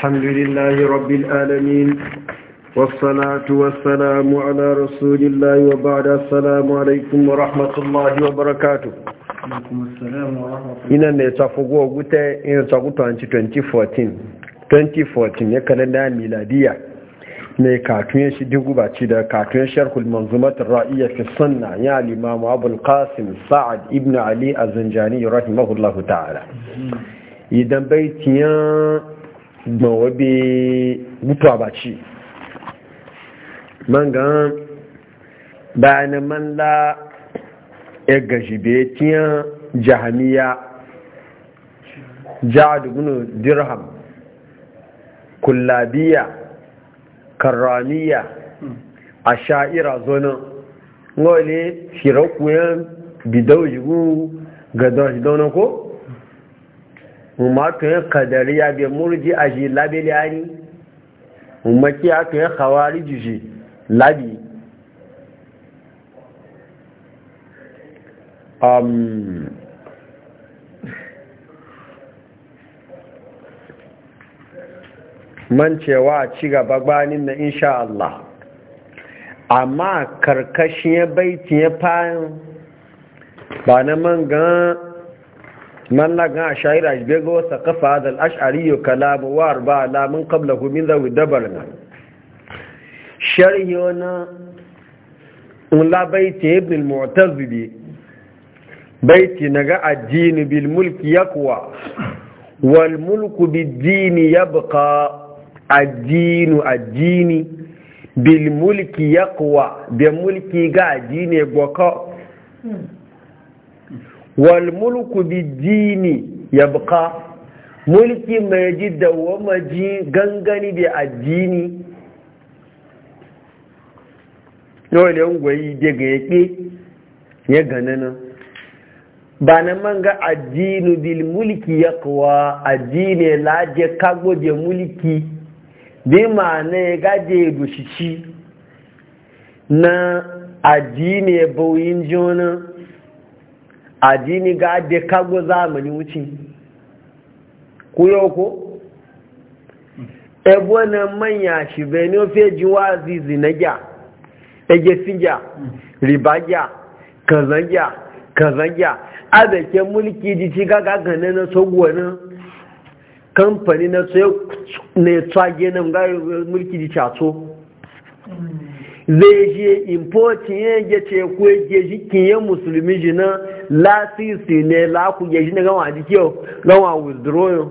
الحمد لله رب العالمين والصلاة والسلام على رسول الله وبعد السلام عليكم ورحمة الله وبركاته ina ne tafugo gute in tsagutu an 2014 2014 ya kalanda miladiya mai katun shi digubaci da katun sharhul manzumatar ra'iyya fi sunna ya al-imam abul qasim sa'ad ibn ali az-zanjani rahimahullahu ta'ala idan baitiyan wọ́n bí butu abaci man gan bayan man la ya gashi jahamiya jihad dirham kullabiya karramiya a sha'ira wọ́n lè shirakuyen bidau yìí ga dashi daunan ko? kadari kadariya bi murji a shi labi liyani umaki aka yi kawari jishe labi man cewa a ci gaba gbanin na insha Allah amma karkashin ya bai ya fayin ba na man gan man na gan ashayira ibe ga wasa kafa da al'ashari yau kalamu wa arba alamun kabla min zawi dabar na shari'a na ulabaita ibn al-mu'tazili baiti na ga addini bil mulki yakwa wal mulku bid dini yabqa addinu addini bil mulki yakwa bi mulki ga addini gboko wal mulku bidini dini yabqa mulki mai ji dawama gangani da addini yau daga yake ya ganana ba na ga addinu bil mulki ya kuwa addini laje kago da mulki bi ma na gaje dushici na addini bauyin jona addini ga da kago zamani wuce ku yau ko ebo na manya shi benin feji wazi zinagya egesigya ribagya kazagya kazagya a ke mulki ji ci gaga gane na sogwani kamfani na tsoye na tsage na mulki ji cato mm. zai je importin ya ge ce ku ge ji kiye musulmi ji na lasisi ne la ku ge ji na gawa ji kiyo gawa withdraw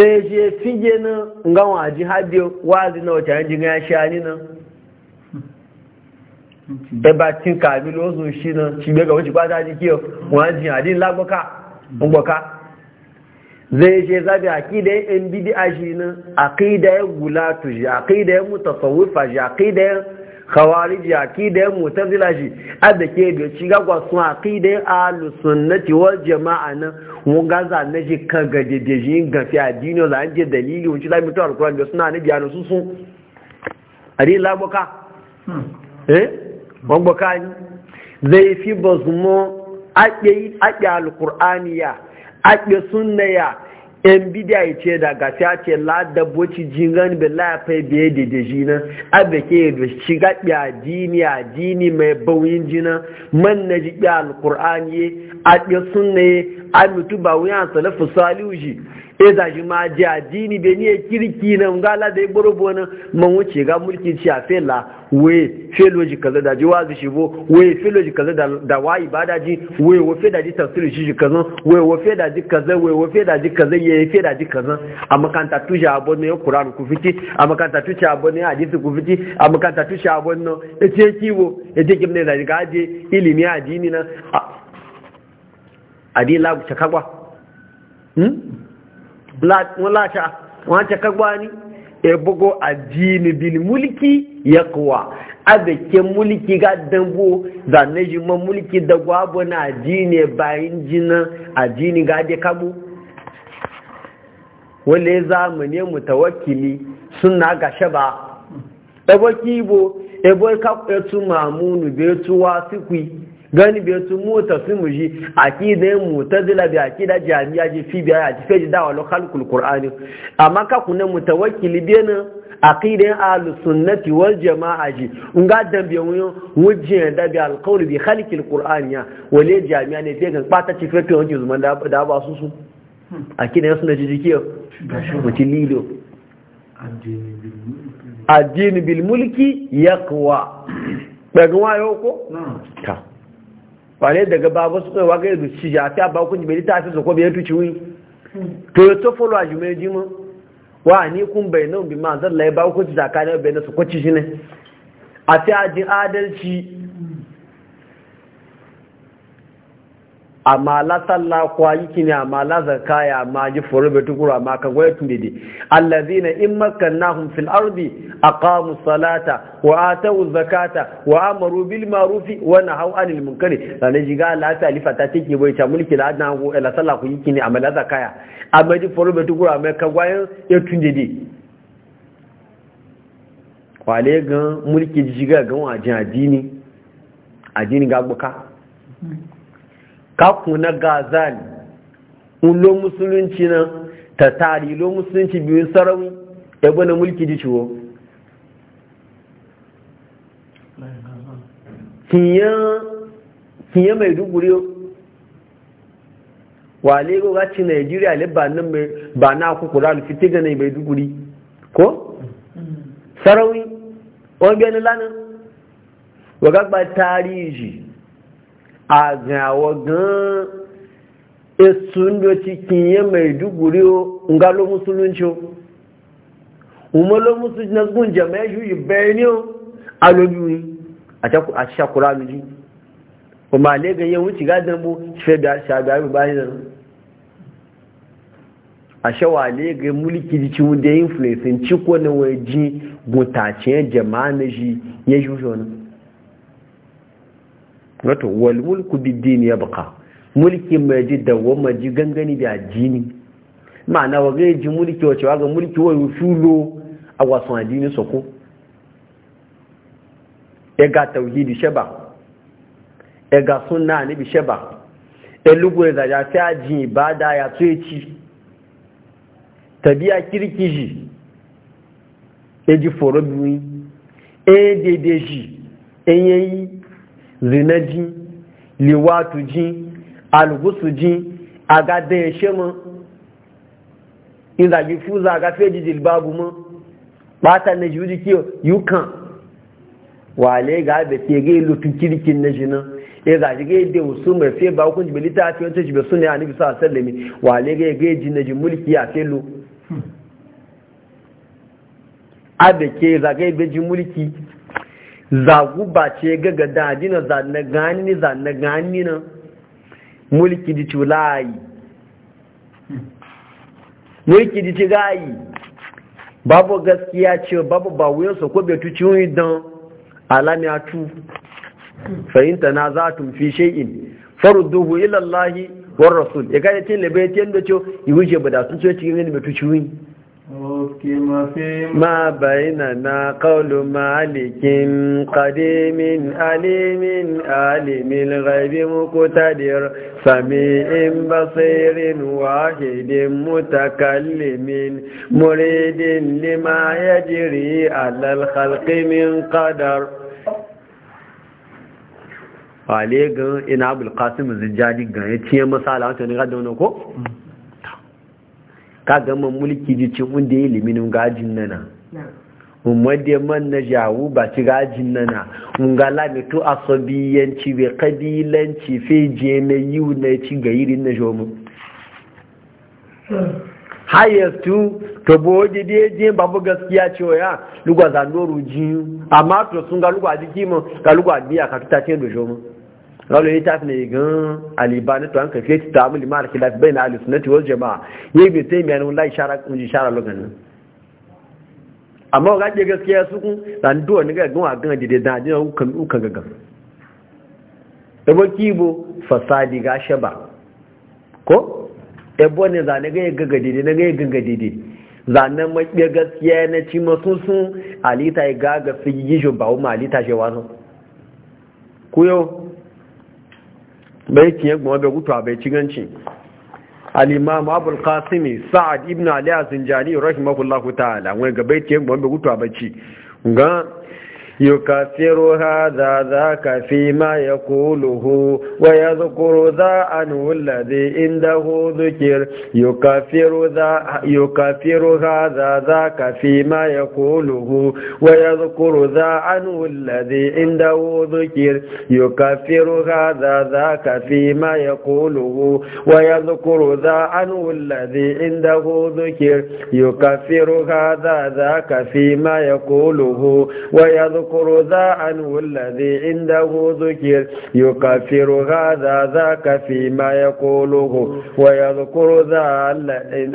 zai je fige na gawa ji hadiyo wazi na wata ji ga shani na e ba tin ka mi shi na ci be ga wuci ba da ji kiyo wa ji hadin lagboka ngboka zai je zabi aqidan yan bid'a shi ne aqidan gulatu shi aqidan mutasawwifa shi aqidan khawarij shi aqidan mu'tazila shi adda ke da shi ga gwa sun aqidan alusun na tiwar jama'a na mu na shi kan ga dede shi gafi a dino la an je dalili wuce la mutu alquran da suna ne biyanu su sun ari la hmm. eh bon boka zai fi bazmo aqi aqi ake sunna ya yan bidiya ya ce da gafiya ce la dabboci jingan bai la biye da da jina abe ke da shiga biya jini a jini mai bauyin jina man na ji biya alƙur'ani aƙe sunna ya a mutu ba wuyan salafu salihu shi e za shi ma ji addini bai ni kirki na ngala da iboro bona man wuce ga mulki ci a fela wai feloji kaza da jiwa zu shi bo wai feloji kaza da wa ibada ji wai wo fe da ji tafsir shi kaza wai wo fe da ji kaza wai wo fe da ji kaza yi fe da ji kaza a makanta tushe abu ne qur'an ku fiti a makanta tushe abu ne hadisi ku fiti a makanta abu ne ya ce kiwo ete kimne da ga je ilimi addini na adi la chakagwa hmm wọ́n láṣà wọ́n á kagbá ni ebugo addini bil mulki yaqwa azake mulki ga dambo da neji ma mulki da gwabo na addini bayin jina addini ga de kabo wale zamane mutawakkili sunna ga shaba ebo kibo ebo ka etu mamunu be etu wasikwi gani biyar sun mota sun mushi a mu mota zila mu'tazila a aqida jami'a ji fi biya a fi da wal lokal kulkur'ani amma ka kunna na a aqidan ahlus sunnati wal jama'a ji in ga dan bi wuyo wujin da bi al qawl bi khalqil qur'ani ya wale jami'a ne fi ga pata ci fi wani juzu da ba su su a aqidan sunna ji jikiyo mutililo addini bilmulki ya kuwa daga wayo ko ta wane daga babu su tsawa ga yadda shi ja ta ba kun jibeli ta fi zako biyar e tuci wuyi to ya to folo a jimai jima wa ni kun bai nan bi ma zan laye ba kun ci zaka ne bai na su kwaci shi ne a ta ajin adalci amma la sallah kwa yiki ne amma la zakka ya amma ji furu bi tukura amma kan goye tun dede allazina in makkannahum fil ardi aqamu salata wa atu zakata wa amaru bil ma'rufi wa nahaw anil munkari sanan jiga la ta alifa ta take bai ta mulki la na go e la sallah ku yiki ne amma la zakka ya amma ji furu bi tukura amma kan goye ya tun dede kwale gan mulki jiga gan jin adini adini ga buka hmm. kaku na gazali ulo musulunci na ta tari lo musulunci biyu sarawi ya gwada mulki ji ciwo kiyan mai duguri wa lego gaci nigeria libanin mai ba na kukura alfiti ganin mai duguri ko? sarawi wani biyanin lanin wa gagba tarihi a gawa gan esun da cikin ya mai duguri nga lo musulunci umar lo musulunci na zugun jama'a shi yi bayani a lobiwi a shakura miji kuma ne ganyen wuce gadon bu shagaru bayan nan a shawa ne ga mulki da ciwo da influence ci ko na waje gutacen jama'a na shi ya shi wani wato wal mulku ya baka mulki mai ji dawon maji gangani da addini ma'ana wa gai ji mulki wace wa ga mulki wa shulo a wasan addini soko ya e ga tauhidi sheba ya e ga sunna ne bi sheba ya e lugu ya zaja fi aji ibada ya tsoye ci tabiya kirki ji ya ji foro biyu ya dede ji ya yi zinaji liwatuji algusuji agadan ṣe mọ́ ìzàgbé ga agafẹ́ jìjì báàbù mọ́ pátá na jù jíkí yóò kàn wà lè gáàbẹ̀ tí ẹgẹ́ lótú kíríkí na jìnà ìzàgbé gẹ́gẹ́ òsùn mẹ́fẹ́ bá okùn jìbẹ̀ lítà àti ọjọ́ jìbẹ̀ sún ní àníbìsọ àṣẹ́lẹ̀mí wà lè gẹ́gẹ́ jìnà jù múlìkì àfẹ́ lo abẹ̀kẹ́ ìzàgbé ìbẹ̀jì zagu ba ce gaga dadina zanna gani ne na gani na mulki di tulayi mulki di tulayi babu gaskiya ce babu ba wuyansa ko betu ciwon a tu fahimta na za tun fi shai'in farudduhu ilallahi war rasul ya e kai tin labe tin da ce yi wuce ba da sun ce cikin ne betu yi. ما بيننا قول مالك قديم أليم أليم الغيب مكتدر فميء بصير واحد متكلم مريد لما يجري على الخلق من قدر wale gan ina abulkasim zinjadi gan ya ciye masala wata ne ga daunan ka gama mulki ji cin wanda ya ilimin gajin nana ya man na jawo ba ci gajin nana nga lamitu asabiyanci bai kabilanci fai je na yiwu na ci ga irin na jomu hayastu to boje de je babu gaskiya cewa ya lugwa zanoru jiyu amma to sun ga lugwa jiki mu ga lugwa biya ka ta ce da jomu قالوا يتعف نيغان اليبان تو ان كفيت تعامل ya amma ga gaskiya su kun duwa ni a gan dide dan dina ku kan ku gaga ebo kibo fasadi ga shaba ko ebo ne za ga gaga dide ga gaga dide zanen gaskiya na ci masu sun alita ya gaga fi yi shi ba umar alita shi wasu ku bai kiye goma bai gutu a bai ciganci al-imam abul sa'ad ibn ali Zinjani, zinjani rahimahullahu ta'ala wani ga bai kiye goma bai gutu a bai ci gan يكفر هذا ذاك فيما يقوله ويذكر ذا أنه الذي عنده ذكر يكفر ذا يكفر هذا ذاك فيما يقوله ويذكر ذا أنه الذي عنده ذكر يكفر هذا ذاك فيما يقوله ويذكر ذا أنه الذي عنده ذكر يكفر هذا ذاك فيما يقوله ويذكر اذكر ذا عنه الذي عنده ذكر يكفر هذا ذاك فيما يقوله ويذكر ذا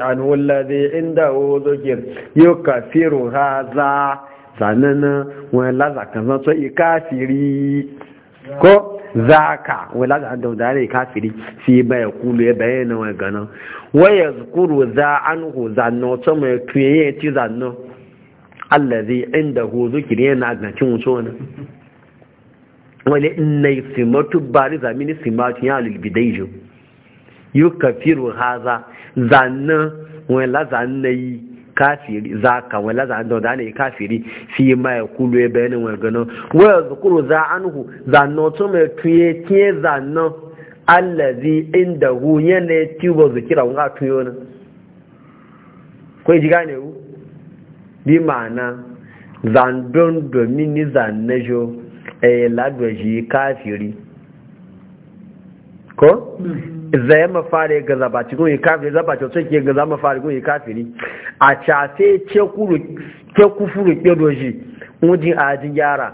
عنه الذي عنده ذكر يكفر هذا sanana wani lazaka zan so ikafiri ko zaka wani lazaka da wadare ikafiri fi baya kulu ya bayyana wani ganin waya zukuru za an hu mai allazi indahu zikri yana na cin wuce wani wani innai simatu bari zamini simatu ya lulbidaiju yi kafiru haza zanna wani yi kafiri za ka wani lazannan da yi kafiri fi ma ya kulu ya bayanin wani gano wani zukuru za anhu zannan to mai tuye tiye zannan allazi indahu yana tiwo zikira wani tuyo na ko ji gane wu bi ma'ana zandon domin ni zannejo a e, yi lagwaji kafiri ko? Mm-hmm. zai mafari ga zabaci gun yi kafiri zabaci wasu ke ga za mafari gun yi kafiri a cafe ke kufuru ke doji wujin ajin yara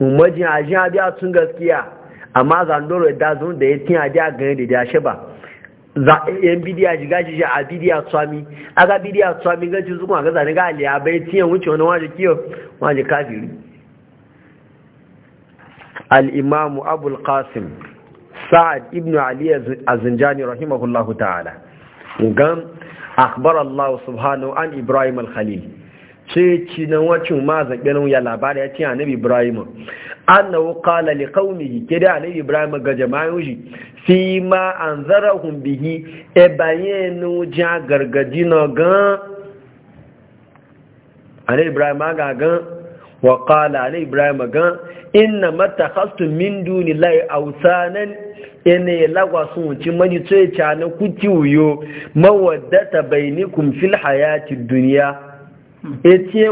umajin ajin abi a tun gaskiya amma zandoro da zun da ya tin adi a gani da ya shaba. ba yan bidiya ji gashi shi a bidiya tsami aga bidiya tsami kuma ga zane ga aliya bai tiye wuce wani waje kiyo waje kafiri al abul qasim sa'ad ibn ali az-zinjani rahimahullahu ta'ala gan akbar allah subhanahu an ibrahim al-khalil ce ci nan wacin ma zaƙirin ya labari ya ce annabi ibrahim annahu qala liqaumihi kida ali ibrahim ga jama'u shi fi ma anzarahum bihi e bayenu ja gargadi no gan ali ibrahim ga gan wa qala ali ibrahim gan inna matakhastum min dunillahi awsanan ene lagwa sun ci mani tsoye cana na kuti wuyo mawaddata bainikum fil hayati dunya e tie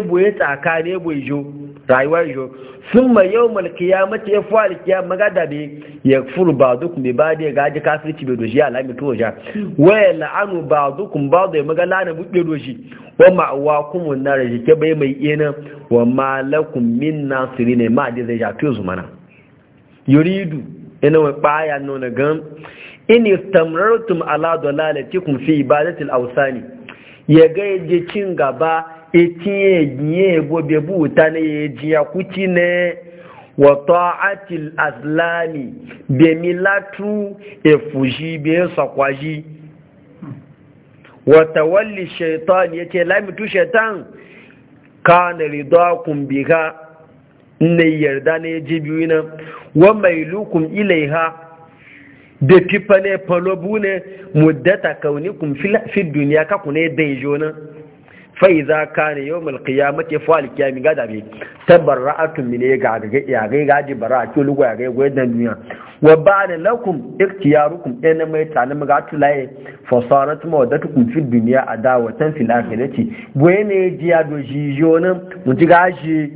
ka ne bu jo rayuwa jo sun mai yau malkiya mace ya fi alkiya magada bai ya furu ba duk mai ba da ya gaji kafirci bai doshi alami to ja waya la'anu ba dukun ba da ya maga lana buɗe doshi wa ma'awa kuma na rajike bai mai ina wa malakun min siri ne ma'adi zai ja to zumana yuridu ina wai baya nuna gan in istamrartum ala dalalatikum fi ibadatil awsani ya ga cin gaba itinye ginye ebo bebu ta na ya jiya kuci ne wa ta'atil aslami be milatu efuji be sakwaji wa tawalli shaitan yace lamitu shaitan kana ridakum biha ne yarda ne ji biyu na wa yi ha da fifa ne falobu ne muddata kaunikum fi duniya ka ku ne dai jona za ka ne yau ya mace fuwal kiyami gada bi tabbar ra'atun mine ya gagage ya gai gaji bara a kyolu ya gai goyi dan duniya wa ba da lakum iktiyarukum ɗanin mai tanin maga tulaye wadda ta fi duniya a dawatan fil akhirati goyi ne jiya do jijo nan mun ji gashi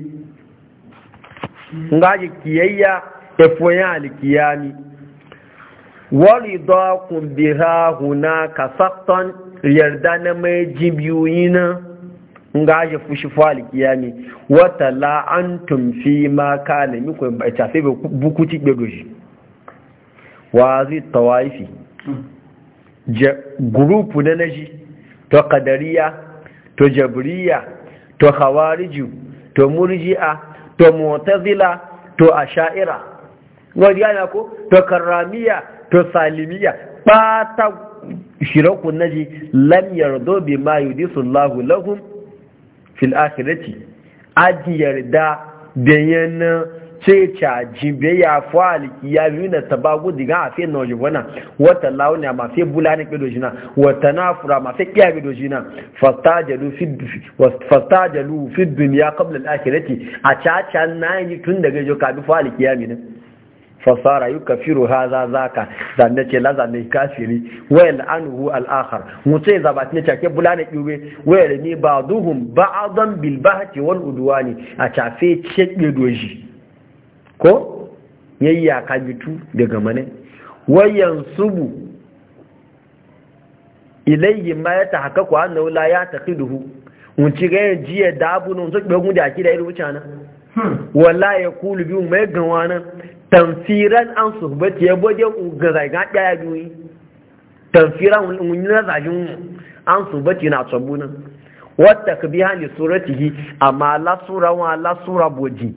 ngaji kiyayya e foya alkiyami waridakum biha huna kasaktan yarda na mai jibiyoyi na nga ya fushi fali kiyami wata la antum fi ma kana miko ba ta sai bukuti be doji wa zi tawaifi group na naji to qadariya to jabriya to khawariju to murji'a to mu'tazila to asha'ira ko to karamiya to salimiya ba ta shirakun naji lam yardo ma. yudisu Allahu lahum fil akhirati aji yarda da yana ce caji bai ya fi aliki ya na tabagu diga a fi na ojibona wata launi a mafi bulani ne wata nafura ma mafi kiya kedo jina fi duniya kabla al'akirati a caca na yi tun daga jo k'a bi aliki fasara za za ka zane ce la ne, kafiri wa yal'anuhu al-akhar mutai zabat ne take bulane ba duhun ba ba'duhum ba'dan bil wani uduwa ne a cafe ce doji ko ya ka bitu daga mane wayan subu ilayhi ma ya tahaqqaqu annahu la ya'taqiduhu mun ci ga jiya dabunu so gbe gun da akida irin wucana Hmm. wala ya kulu biyu mai gawa nan tamfiran an su bata ya bude ga zaiga ɗaya biyu tamfiran wunyar zajin an su bata na tsabu nan wata ka biya ne suratihi amma la sura wa la sura boji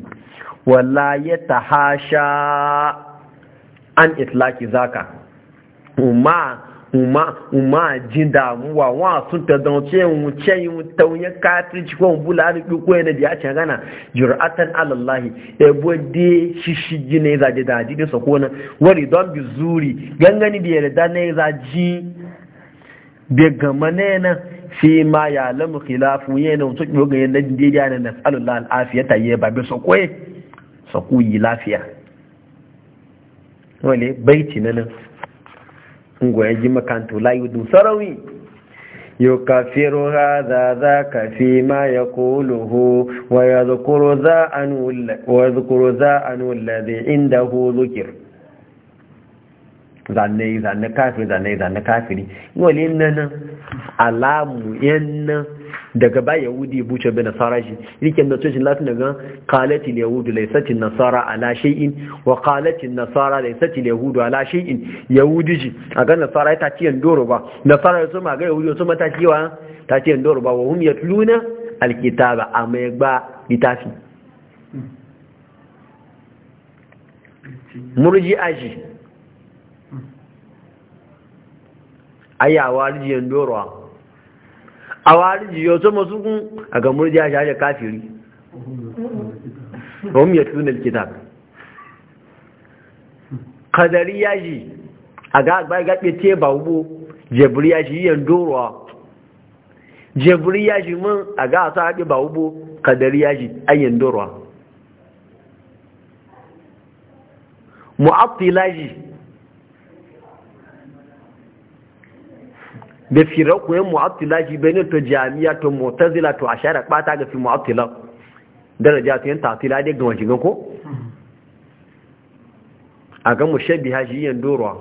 wala ya hasha an itlaki zaka umma uma jin damuwa wa sun ta zance wuce yi taunye katirci ko bula da ko yana da ya ce gana jur'atan alallahi e bode shishi jine za da daji da sakona wari don bi zuri gangani da yarda ne za ji da gama ne na fi ma ya lamu khilafu yana um um wuce ki ga yanda da ya na nasallallahu alafiya ta yi ba bi sakoye sakuyi lafiya wale baiti na nan ngoye ji makantu layu du sarawi yukafiru hadha dhaka fi ma yaquluhu wa yadhkuru dha an wa yadhkuru dha an alladhi indahu dhikr zanne zanne kafiri zanne zanne kafiri ngole nana alamu yanna daga ba yahudi buce bi nasara shi yake da tushen latin daga qalatil yahudu laysatil nasara ala shay'in wa qalatil nasara laysatil yahudu ala shay'in yahudi ji aga nasara ta ci doro ba nasara su ma ga yahudi su ma ta ci wa ta ci doro ba wa hum yatluna alkitaba amma ba litafi murji aji ayawa rijiyan doro a wari yau masu kun a ga murjiya shi hajjar kafiri ba mu ya tunan kitab kadari ya ji a ga agbai gaɓe te ba hubo jebiri ya ji yin doruwa jebiri ya ji mun a ga sa haɓe ba hubo kadari ya ji ayyan doruwa mu'abtila ji da firakuyen mu'attila shi bai ne to jami'a to mutazila to a shara ɓata ga fi mu'attila daraja to yin tafila dai ga wajen ko a ga ha shi yin dorowa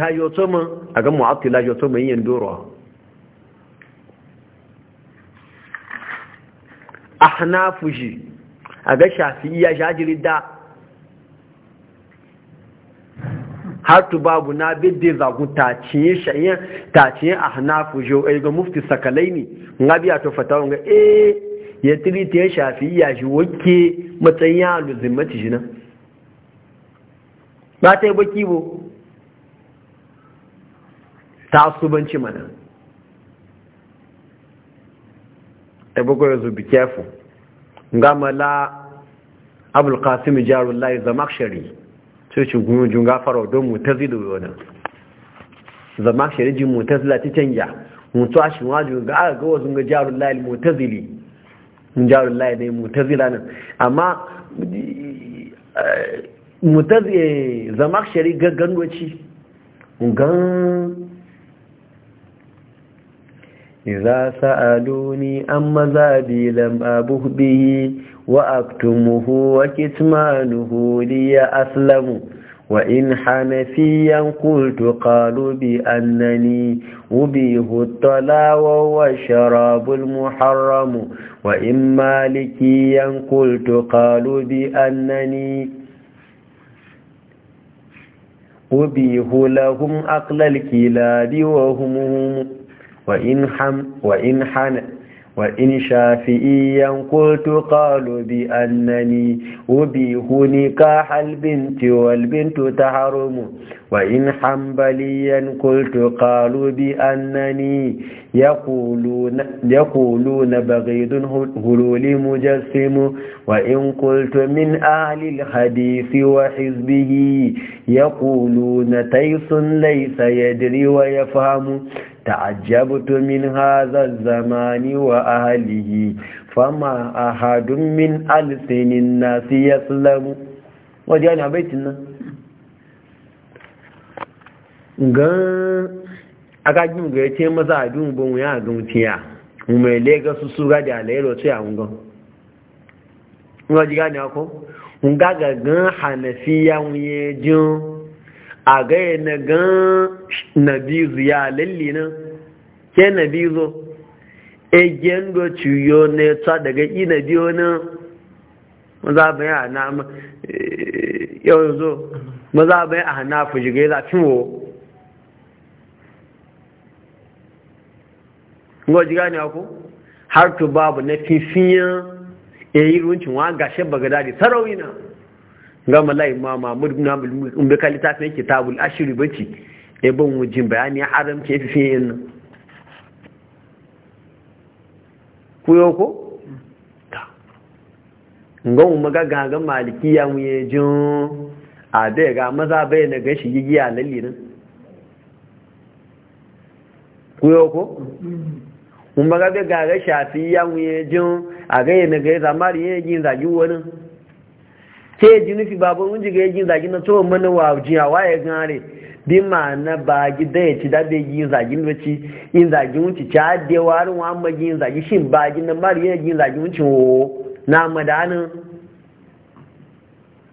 ha yau tsoma a ga mu'attila yau tsoma yin dorowa hana fushi a ga shafi iya shajirida har tu babu na bidde zagu taciye shayen taciye a ku jo ai eh, ga mufti sakalai ne nga biya to fatawun ga eh ya tiri ta shafi ya shi wake matsayin ya luzimmati shi nan ba ta yi baki bo ta banci mana ta bako yanzu be careful nga mala abul qasim jarullahi zamakshari sai ci gungun gafara don mutazi da wani zama sharijin mutazila ta canja mutu a shi wajen ga aka gawa sun ga jarun zili. mutazili jarun layi ne mutazila nan amma eh, mutazili eh, zama shari gaggan doci gan إذا سألوني أما maza لم أبه به وأكتمه وكتمانه لي أسلم وإن حنفيا قلت قالوا بأنني أبيه الطلا وهو الشراب المحرم وإن مالكيا قلت قالوا بأنني أبيه لهم أقل الكلاب وهم وإن, حم وإن حنفيا وإن شافئيا قلت قالوا بأنني أبيه نكاح البنت والبنت تحرم وإن حنبليا قلت قالوا بأنني يقولون, يقولون بغيض هلول مجسم وإن قلت من أهل الحديث وحزبه يقولون تيس ليس يدري ويفهم ta'ajjabtu min hadha zamani wa ahlihi fama ahadun min alsinin nasi yaslamu waje ana baitin nan gan agajin ga yace maza adun bon ya gautiya mai lega su suga da alairo ce an gan ngaji gani ako ngaga gan hanafiya wuye jin a gaya na gan nabizu ya lalli nan ke nabizu egen do ciyo ne ta daga yi nabiyo nan maza bai a na eh, yau zo maza bai a na fujigai zafin wo gwaji gani ku har tu babu na fifiyan yayi eh, runcin wa gashe bagada da sarauni na ga malai ma mahmud ibn abdul mulk umbe kalita sai kitabul ashri bace e ban wujin bayani haram ke fi yin kuyo ko ga mu ga ga malikiya mu ye jin a da ga maza bai na gashi gigiya lalle nan kuyo ko mu ga ga ga shafi ya mu ye jin a ga ne ga zamari zagi wani sai ji nufi babu mun ga-eji zagi na tsohon mana wa jiya waye gare bi ma na ba gida ya ci dabe yi zagi na ci yin zagi wuce ci hadde warin wa amma yin zagi shin ba gi na mari yi yin zagi wuce wo na madanin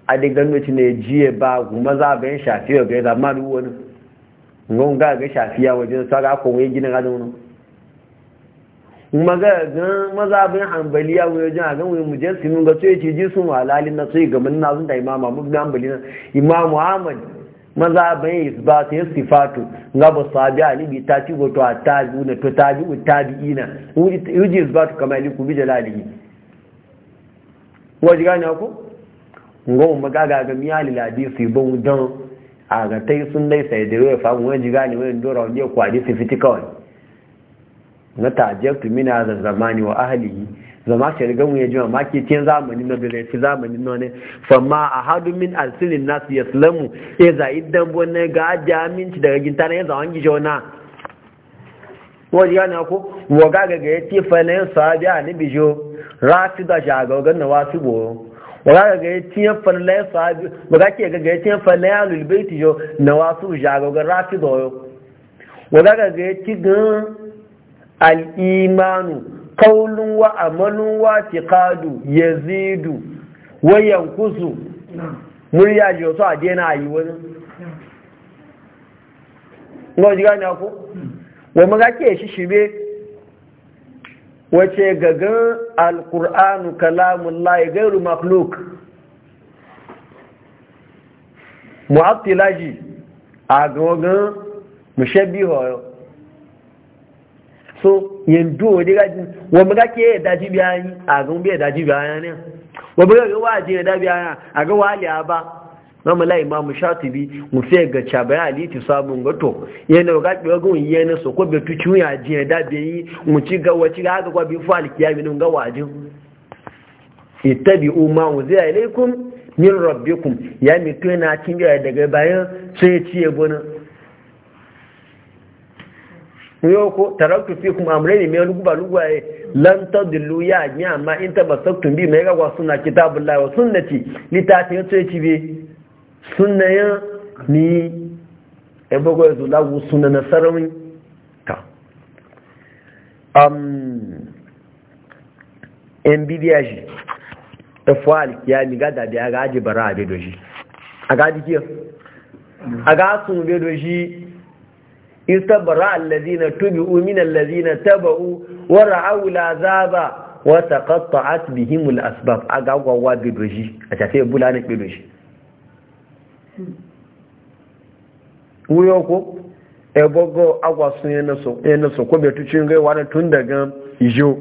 a daga nuci ne jiye ba kuma za ba yin shafiya ga ya zama ruwa ngon ga ga shafiya wajen sa ga kuma yi gina gadon wani maga gan maza bin hanbaliya wani jin a gan wani mujassimin ga tsoye ce ji sun walalin na tsoye ga na sun da imama mafi ga hanbali na imamu ahmad ya ba su ya sifatu ga ba su ali alibi ta ci goto a tabi na to tabi u tabiina uji isbatu kamar ali ku bi jalalihi waji gane ku ngon maga ga ga su yi bon don a ga tai sun dai sai da ruwa fa mu waji gani wani dora wani kwadi fiti kawai na tajabtu min hadha zamani wa ahlihi zama shi riga mu ma ke tin zamani na dole ci zamani na ne fa ma ahadu min alsilin nas yaslamu iza idan bonne ga jaminci daga ginta ne za wangi jona wani yana ko wa ga ga ga ce fa ne sahabi ani bijo rafi da shaga ga na wasu bo wa ga ga ya ce fa ne sahabi ba ga ke ga ya ce fa ne alul baiti jo na wasu shaga ga rafi da yo wa ga ga ya ci gan al'imanu kaulun wa amalun wa tiƙadu ya zidu wayan kusu murya ji wasu a dina a yi wani ga ji gani ku wa ke shi wace gagan al’ur'anu kalamun layi gairu makhluk mu'abtilaji a gagan mushabbi hoyo so yanzu wani wa mu gake ya daji biyayi a gan biya daji biyayi ne wani gake wa je ya daji biyayi a ga wali a ba mamu la imamu shatibi mu sai ga chabaya ali ti samu ngoto yana ga ga yi yana so ko betu chu ya ji ya daji yi mu ci ga waci ga ga bi fa ya nun ga wajin ittabi'u ma uziya ilaikum min rabbikum ya mi mituna kin ga daga bayan sai ya ya bonan yoko ko taraktu fi kuma amurai ne mai luguba luguwaye lantar dillu ya yi amma in taba saktun bi mai gawa suna kitabun lawa sunnati littafin ya tsoye cibe sunayen ni ya bago ya zula suna na sarauni ta yan bidiya shi ta fuhal ya ni gada da ya gaji bara a bedo shi a gaji kiyar a gasun istabara allazina tubi'u min allazina taba'u wa ra'aw al'azaba wa taqatta'at bihim al'asbab aga gwagwa bidoji a tafe bulana bidoji uyo ko gogo e agwa sun yana so yana so ko betu cin gai wani tun daga ijo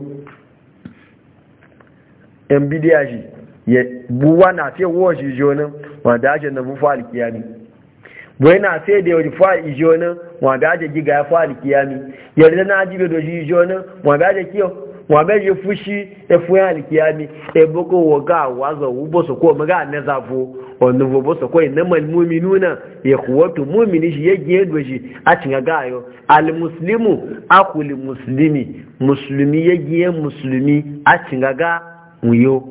en ye ya buwa na fe wo ijo nan wanda ake na bufa alkiyami bai na sai da yawon fa ijo nan wa ga je giga ya fa alkiyami yarda na jibe do ji ijo nan wa ga je kiyo wa ga je fushi ya fuya ya alkiyami ya e boko wa ga wazo wubo su ko maga na zafo, wani wubo su ko ina e mal mu'minuna ya e kuwatu mu'mini shi yage do shi a cin ga gayo. al muslimu akul muslimi ya yage musulmi a cin ga muyo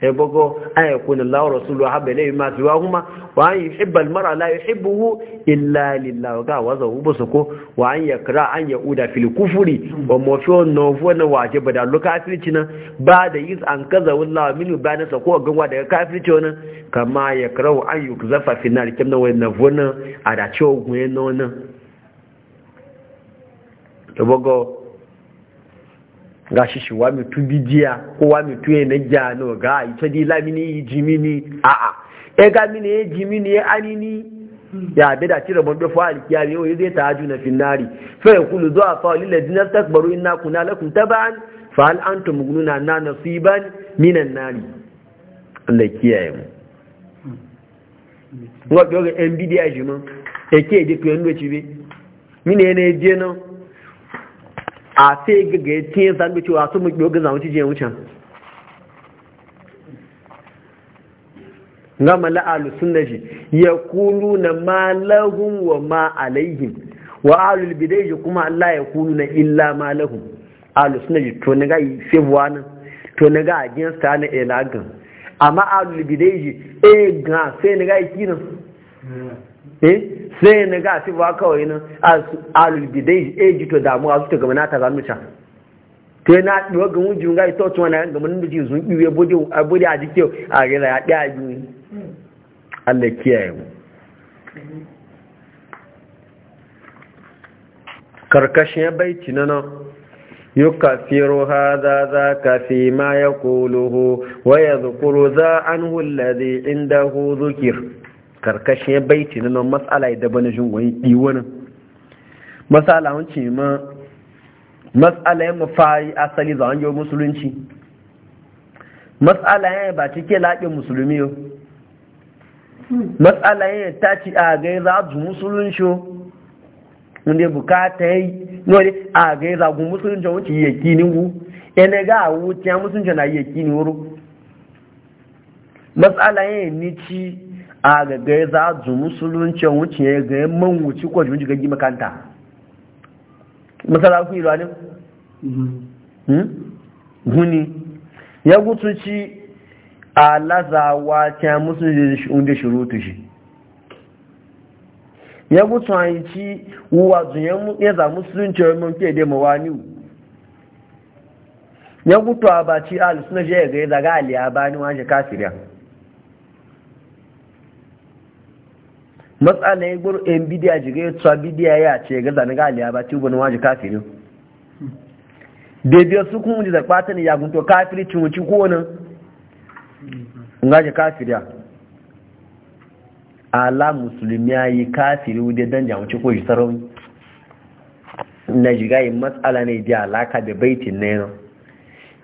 ebogo an kun Allah wa rasuluhu habba ilayhi ma siwa huma wa an yuhibba al-mar'a la yuhibbuhu illa lillah ga waza ubu soko wa an yakra an yauda fil kufri wa mafi no na waje bada lokafirci nan ba da yiz an kaza wallahi min ba na sako ga gwa daga kafirci wannan kama yakra an yukzafa fi nar kimna wa na vona ada cewa gwe na ebogo ga shi shi wa mitu bidiya ko wa mitu ya na jano ga ita di lamini yi jimini a a e ga mini e e ya mini ya anini ya bi da cire mun dofa alkiyami yau zai e ta haju na finnari fa ya kulu zuwa fa wani ladina takbaru inna kuna lakum taban fa hal antum mugnuna na nasiban minan nari Allah kiyaye mu ngo doga en bidiya jiman e ke de ko en do cibe mine ne je no a sai ga ya tiye zambi cewa sun mu yoga zama ci je wucin ga mala'alu sunnaji yaquluna ma lahum wa ma alaihim wa alul bidayji kuma Allah ya kulu na illa ma lahum alul sunnaji to na ga sai nan to na ga gina ta na elagan amma alul bidayji eh ga sai na ga kinan hmm. eh sai na ga asibu ba kawai nan alul bidai alulbidai eh, eji to damuwa a ta gama na ta zanu can to na ɗuwa ga wujin ga ita wacce wani gama nan da ji sun ɗuwe bude a jike a rira ya ɗaya biyu allah kiyaye mu karkashin ya baiti na nan يكفر هذا ذاك فيما يقوله ويذكر ذا عنه الذي عنده ذكر karkashin ya baiti na nan matsala da na jin wani ɗiwanin matsala wancin ma matsala ya mafari asali za wani musulunci matsala ya ba cike laƙin musulmi yau matsala ya ta ci a gai za su musulunci wanda bukata ya yi wani a gai za ku musulunci wancin yaki ni wu yana ga wuce musulunci na yaki ni wuru matsala ya ni ci a gaga za su musulunci wuce ya ga man wuce ko jin jiga gima kanta masala ku yi ranin mm-hmm. hmm? guni ya gutuci a lazawa ta musulunci inda shirutu shi ya gutu a yi ci wuwa zuyen ya za musulunci wani mun fiye da niu ya gutu a baci alisunan shi ya ga ya zaga aliyaba ni wajen kafiriya matsala ya guru yan bidiya jiga ya tsa bidiya ya ce ga zane ga aliya ba tubu na waje kafirin da su kuma ji zarfa ta ne ya gunto kafiri cin wuci ko nan ngaje kafiriya ala musulmi ya yi kafiri wude dan jamuci ko shi sarauni na jiga yi matsala ne da alaka da baitin na yana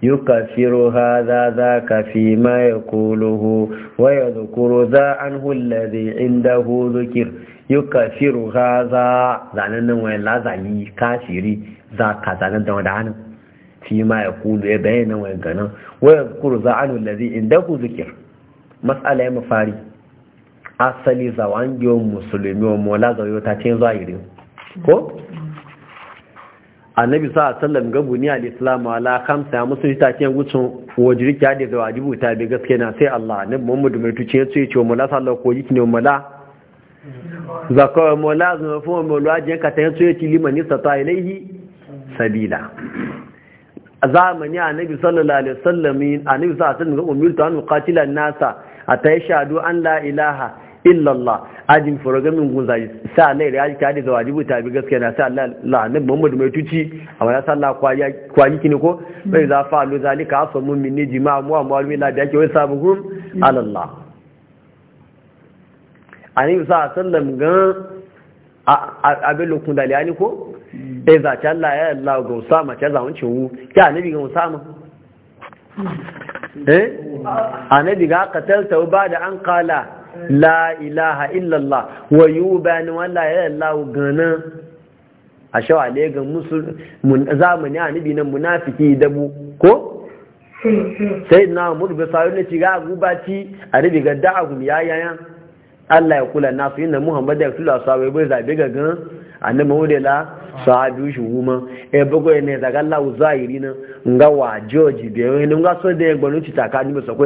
يكفر هذا ذاك فيما يقوله ويذكر ذا عنه الذي عنده ذكر يكفر هذا زانن وين لا زي كافري ذاك زانن دون دعنا فيما يقول يبين وين غنا ويذكر ذا عنه الذي عنده ذكر مسألة مفاري أصلي زوان يوم مسلمي ومولا zauyota cin zahiri ko annabi sa sallam ga buni al islam ala khamsa musu ta kiyan gutsun wajiri ki hade da wajibu ta bi gaske na sai Allah ne muhammadu mai tuce ya ce mu la sallah ko yiki ne mu la zakka mu la zuma fu mu la je ka tan so limani sa ta ilahi sabila zamani annabi sallallahu alaihi wasallam annabi sa sallam ga umurtu an qatila nasa atayashadu an la ilaha illallah ajin furogamin gunza sa lai da yaji kadi da wajibu ta bi gaskiya na sa Allah na Muhammadu mai tuci amma ya sallah kwayi kini ko bai za fa lu zalika fa mun min ni jima'a mu amma la da ke wai sabuhum alallah ani sa sallam ga abin lokun daliyani ko hmm. bai za ta Allah ya Allah ga Usama ta zawun ciwu ya nabi ga Usama hmm. eh annabi ga qatalta ba da an qala la ilaha illallah wa yi bayani wala ya lallahu ganin a shawa ne ga zamani a nabi nan munafiki dabu ko sai na murbe sayo na ci ga gubaci a nabi ga da'ahum ya yaya Allah ya kula nasu inna Muhammad ya kula ya bai zabe ga gan annabi wudela sahabi shi wuma e bugo ne daga Allah zahiri na nga wa George be ne nga so de gbonu ti taka ni so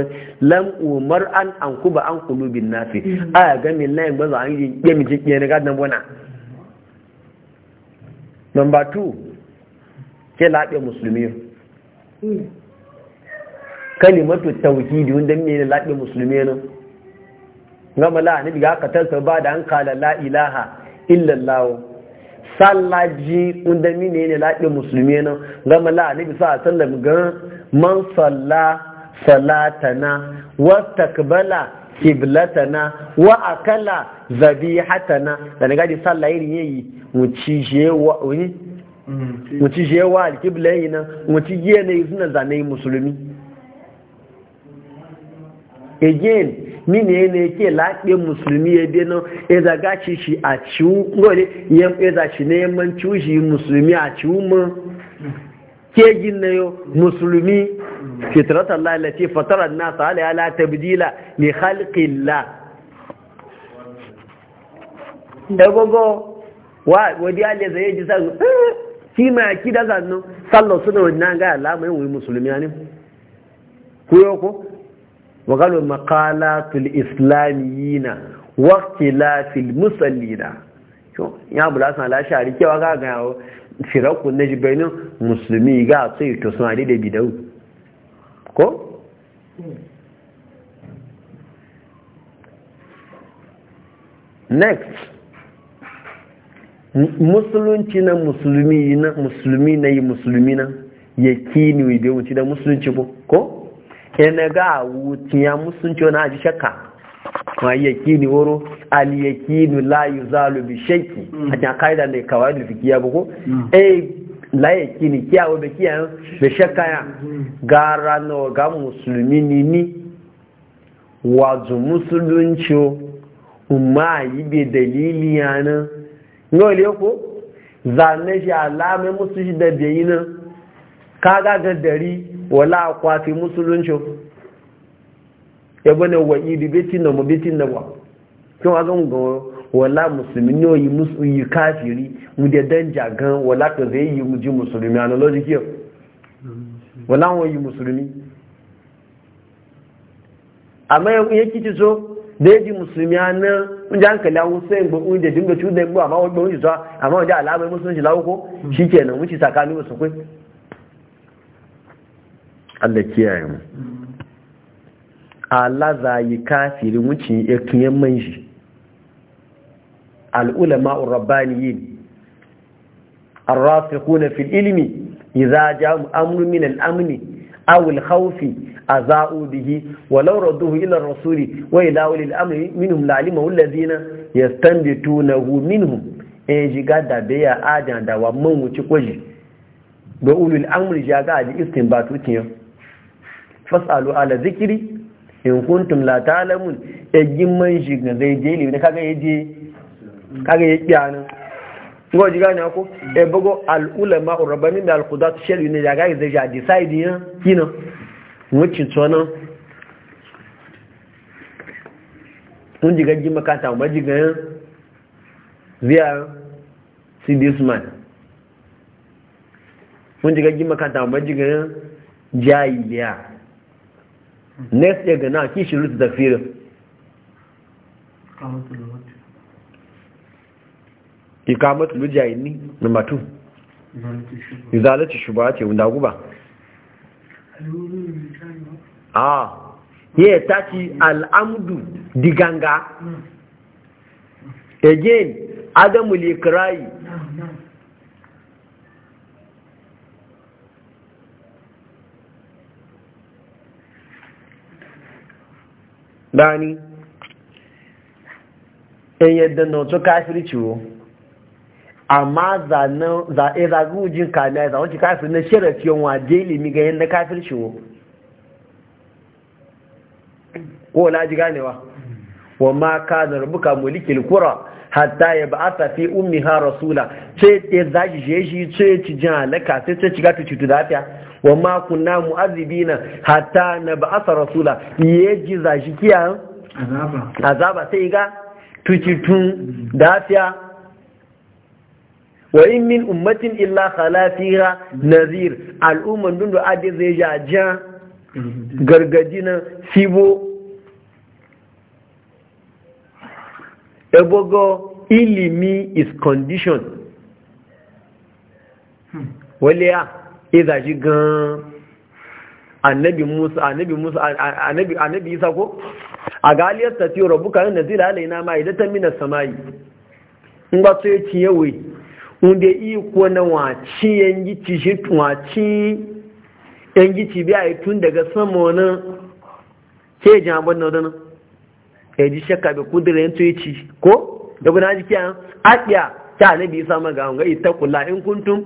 lam umar an an kuba an qulubin nafi mm-hmm. aya gami an yi mi ti ke number musulmi ba da an da la'ilaha sallaji unda mine ne laɗe musulmi nan gama la alibi sa sallam gan man salla salatana wa takbala kiblatana wa akala zabihatana da na gadi sallah irin yayi mu ci je wa eh? mm, alkibla yi nan mu ci je ne suna zane musulmi again mine ne ke laɗe musulmi ya dena ya zaga ci shi a ciwu ngole ya za shi ne yamman ciwu shi musulmi a ciwu ma ke gin na yo musulmi fitrat Allah lati fatara nasa ala ala tabdila li da e gogo wa wadi ale zai ji eh, ma kima kida zanno sallo suna na ga alamai wani musulmi ne ko yau ko وقالوا مقالات الإسلاميين واختلاف المصلين ya abu lasan alashari kewa ga ga firakun na jibainin musulmi ga tsaye to suna da bidau ko? next musulunci na musulmi na yi musulmi na ya kini wibe wuce da musulunci ko? yana ga wutiya musunci na aji shakka ma yaki ni woro al yakinu la yuzalu bi shakki mm. a can kaida ne kawai da fikiya ba ko mm. eh la yakini kiya wa be kiya be shakka ya mm. gara no ga musulmi ni ni wadu musulunci umma yi be dalili yana ngole ko zanne shi alamin musulunci da bayi kaga ga dari wala akwati musulunci ebe ne wa idi betin na mu betin na ba kin wa zan ga wala musulmi ne yi musu yi kafiri mu da danja gan wala to zai yi mu ji musulmi an logic yo wala wa yi musulmi amma yake ci so da yaji musulmi an mun ji hankali an wasu yin gbogbo da dinga cuɗa amma wani gbogbo amma wani alamar musulunci lawo ko shi kenan mun ci tsakanin musulmi Allah kiyaye mu Allah za yi kafirin wuce ya kiyan manji al'ulama yi. arrafiquna fil ilmi idza ja amru min al-amni aw al-khawfi aza'u bihi Wa law radduhu ila ar-rasuli wa ila al amri minhum la'alimahu alladhina yastanbituna minhum e jiga da be ya da wa man wuce koji do ulul amri jaga al istinbatu tiyan fasalu ala zikiri in kuntum la ta'lamun egin man shi zai je ne kaga yaje kaga ya kiyana ko ji gane ko e bago al ulama urbani da al qudat shel yin ya ga zai ja decide yin kina wucin tsona kun ji gaji makata ma ji gayan ziyar cds man kun ji gaji makata ma ji gayan jayiliya nes ya gana kishi rute da firin ikamatu ni na matu izalaci shuba ce wunda guba a ah, yi ta ci al'amdu diganga again adamu likrai daani in yadda na otu kafiri ciwo amma za'e zagujin kamiya za wancin e, kafiri na shirar ciwon waje ilimi ga yadda kafiri ciwo ko laji ganewa wa ma ka na rubuka mulikin kura hatta ya ba a fi ummi ha rasula ce ya zagi shi ce ci jin na sai ce ci gata cutu lafiya wa ma kunna mu'azzibina hatta nab'atha rasula yaji zashi kiya eh? azaba sai ga tucitun dafiya wa in min ummatin illa khalafira nazir al'umman dundu da adi zai jaja na sibo ebogo ilimi is condition hmm. waliya iza eh, shi gan annabi musa annabi musa annabi annabi isa ko a galiyar tafi rabbuka nan nazila alaina ma idatan mina samayi in ba to yace yawe inda iko na waci yangi ci shi waci yangi ci bi yi tun daga sama wani ke abin na dan ya ji shakka kudura kudirin to ci ko da guna jiki an adiya ta annabi isa maga ga kula in kuntum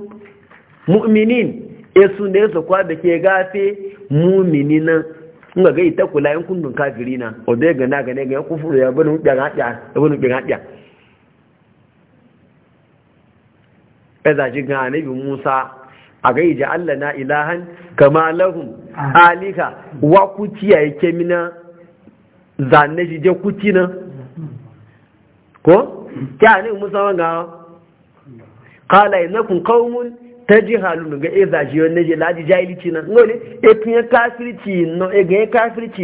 mu'minin esu ne su kwa da ke gafe mumini nan in ga gai ta kula yin kundin kafiri na o da ga na ga ga ya kufuru ya bani ɓin haɗiya hadiya ya bani hujja ga hadiya kaza e ga Musa a gai ji Allah na ilahan kama lahun alika wa kuciya yi kemina zane shi je kuci na ko kya ne Musa wanga qala kawo qaumun heji halu ga ọ e zaji yon neje laji jahilci e tinya kafirci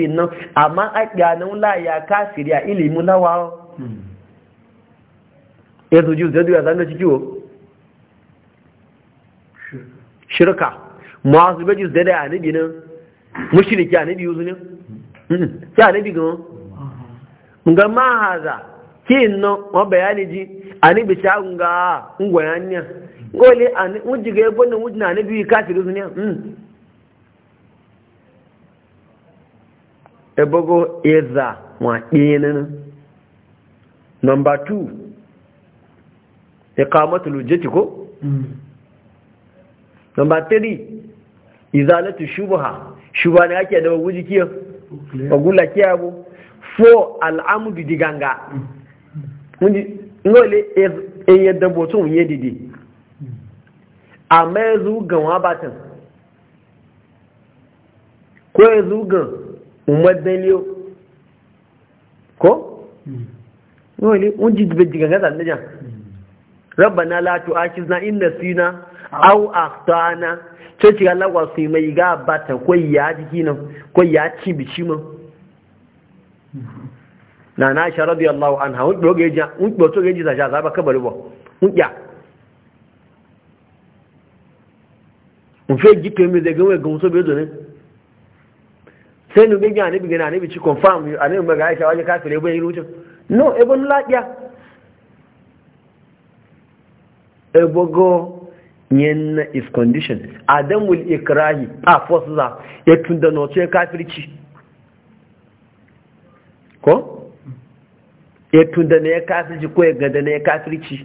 no e amma a gana la ya kafiri a ilimu lawa e zuju zadu ya zanga cikiwo shirka mu'azu beji zada ya nabi nan mushriki ya nabi yuzu ne hmm. ya nabi gan nga ma haza kin ji ngwa gole an wuji ga yabon nan wuji na na biyu kafiru su ne ebogo eza wa ɗinin number two iqamatul hujjati ko hmm. number three izalatu shubha shubha ne ake da wuji kiyo ogula kiyabo four al'amudu diganga hmm. ngole e yadda botun didi. amma ya zugan wabatan ko ya zugan umar daliyo ko? Hmm. ji unji jigan gasa na jan hmm. rabbana la inda in nasina aw akhtana ce ci Allah su mai ga bata ko ya jiki nan ko ya ci bici mun hmm. na na sha radiyallahu anha un doge ja un doto ge ji za a za ba ba un nfe jike mi zai gama ga musu bezo ne sai nu bin yana bi gana ne bi ci confirm a ne maga aisha waje kafire bai yi rutin no ebon lafiya ebogo yen is condition adam will ikrahi a force za ya e tunda no ce kafirci ko ya e tunda ne ya kafirci ko ya e gada ne ya kafirci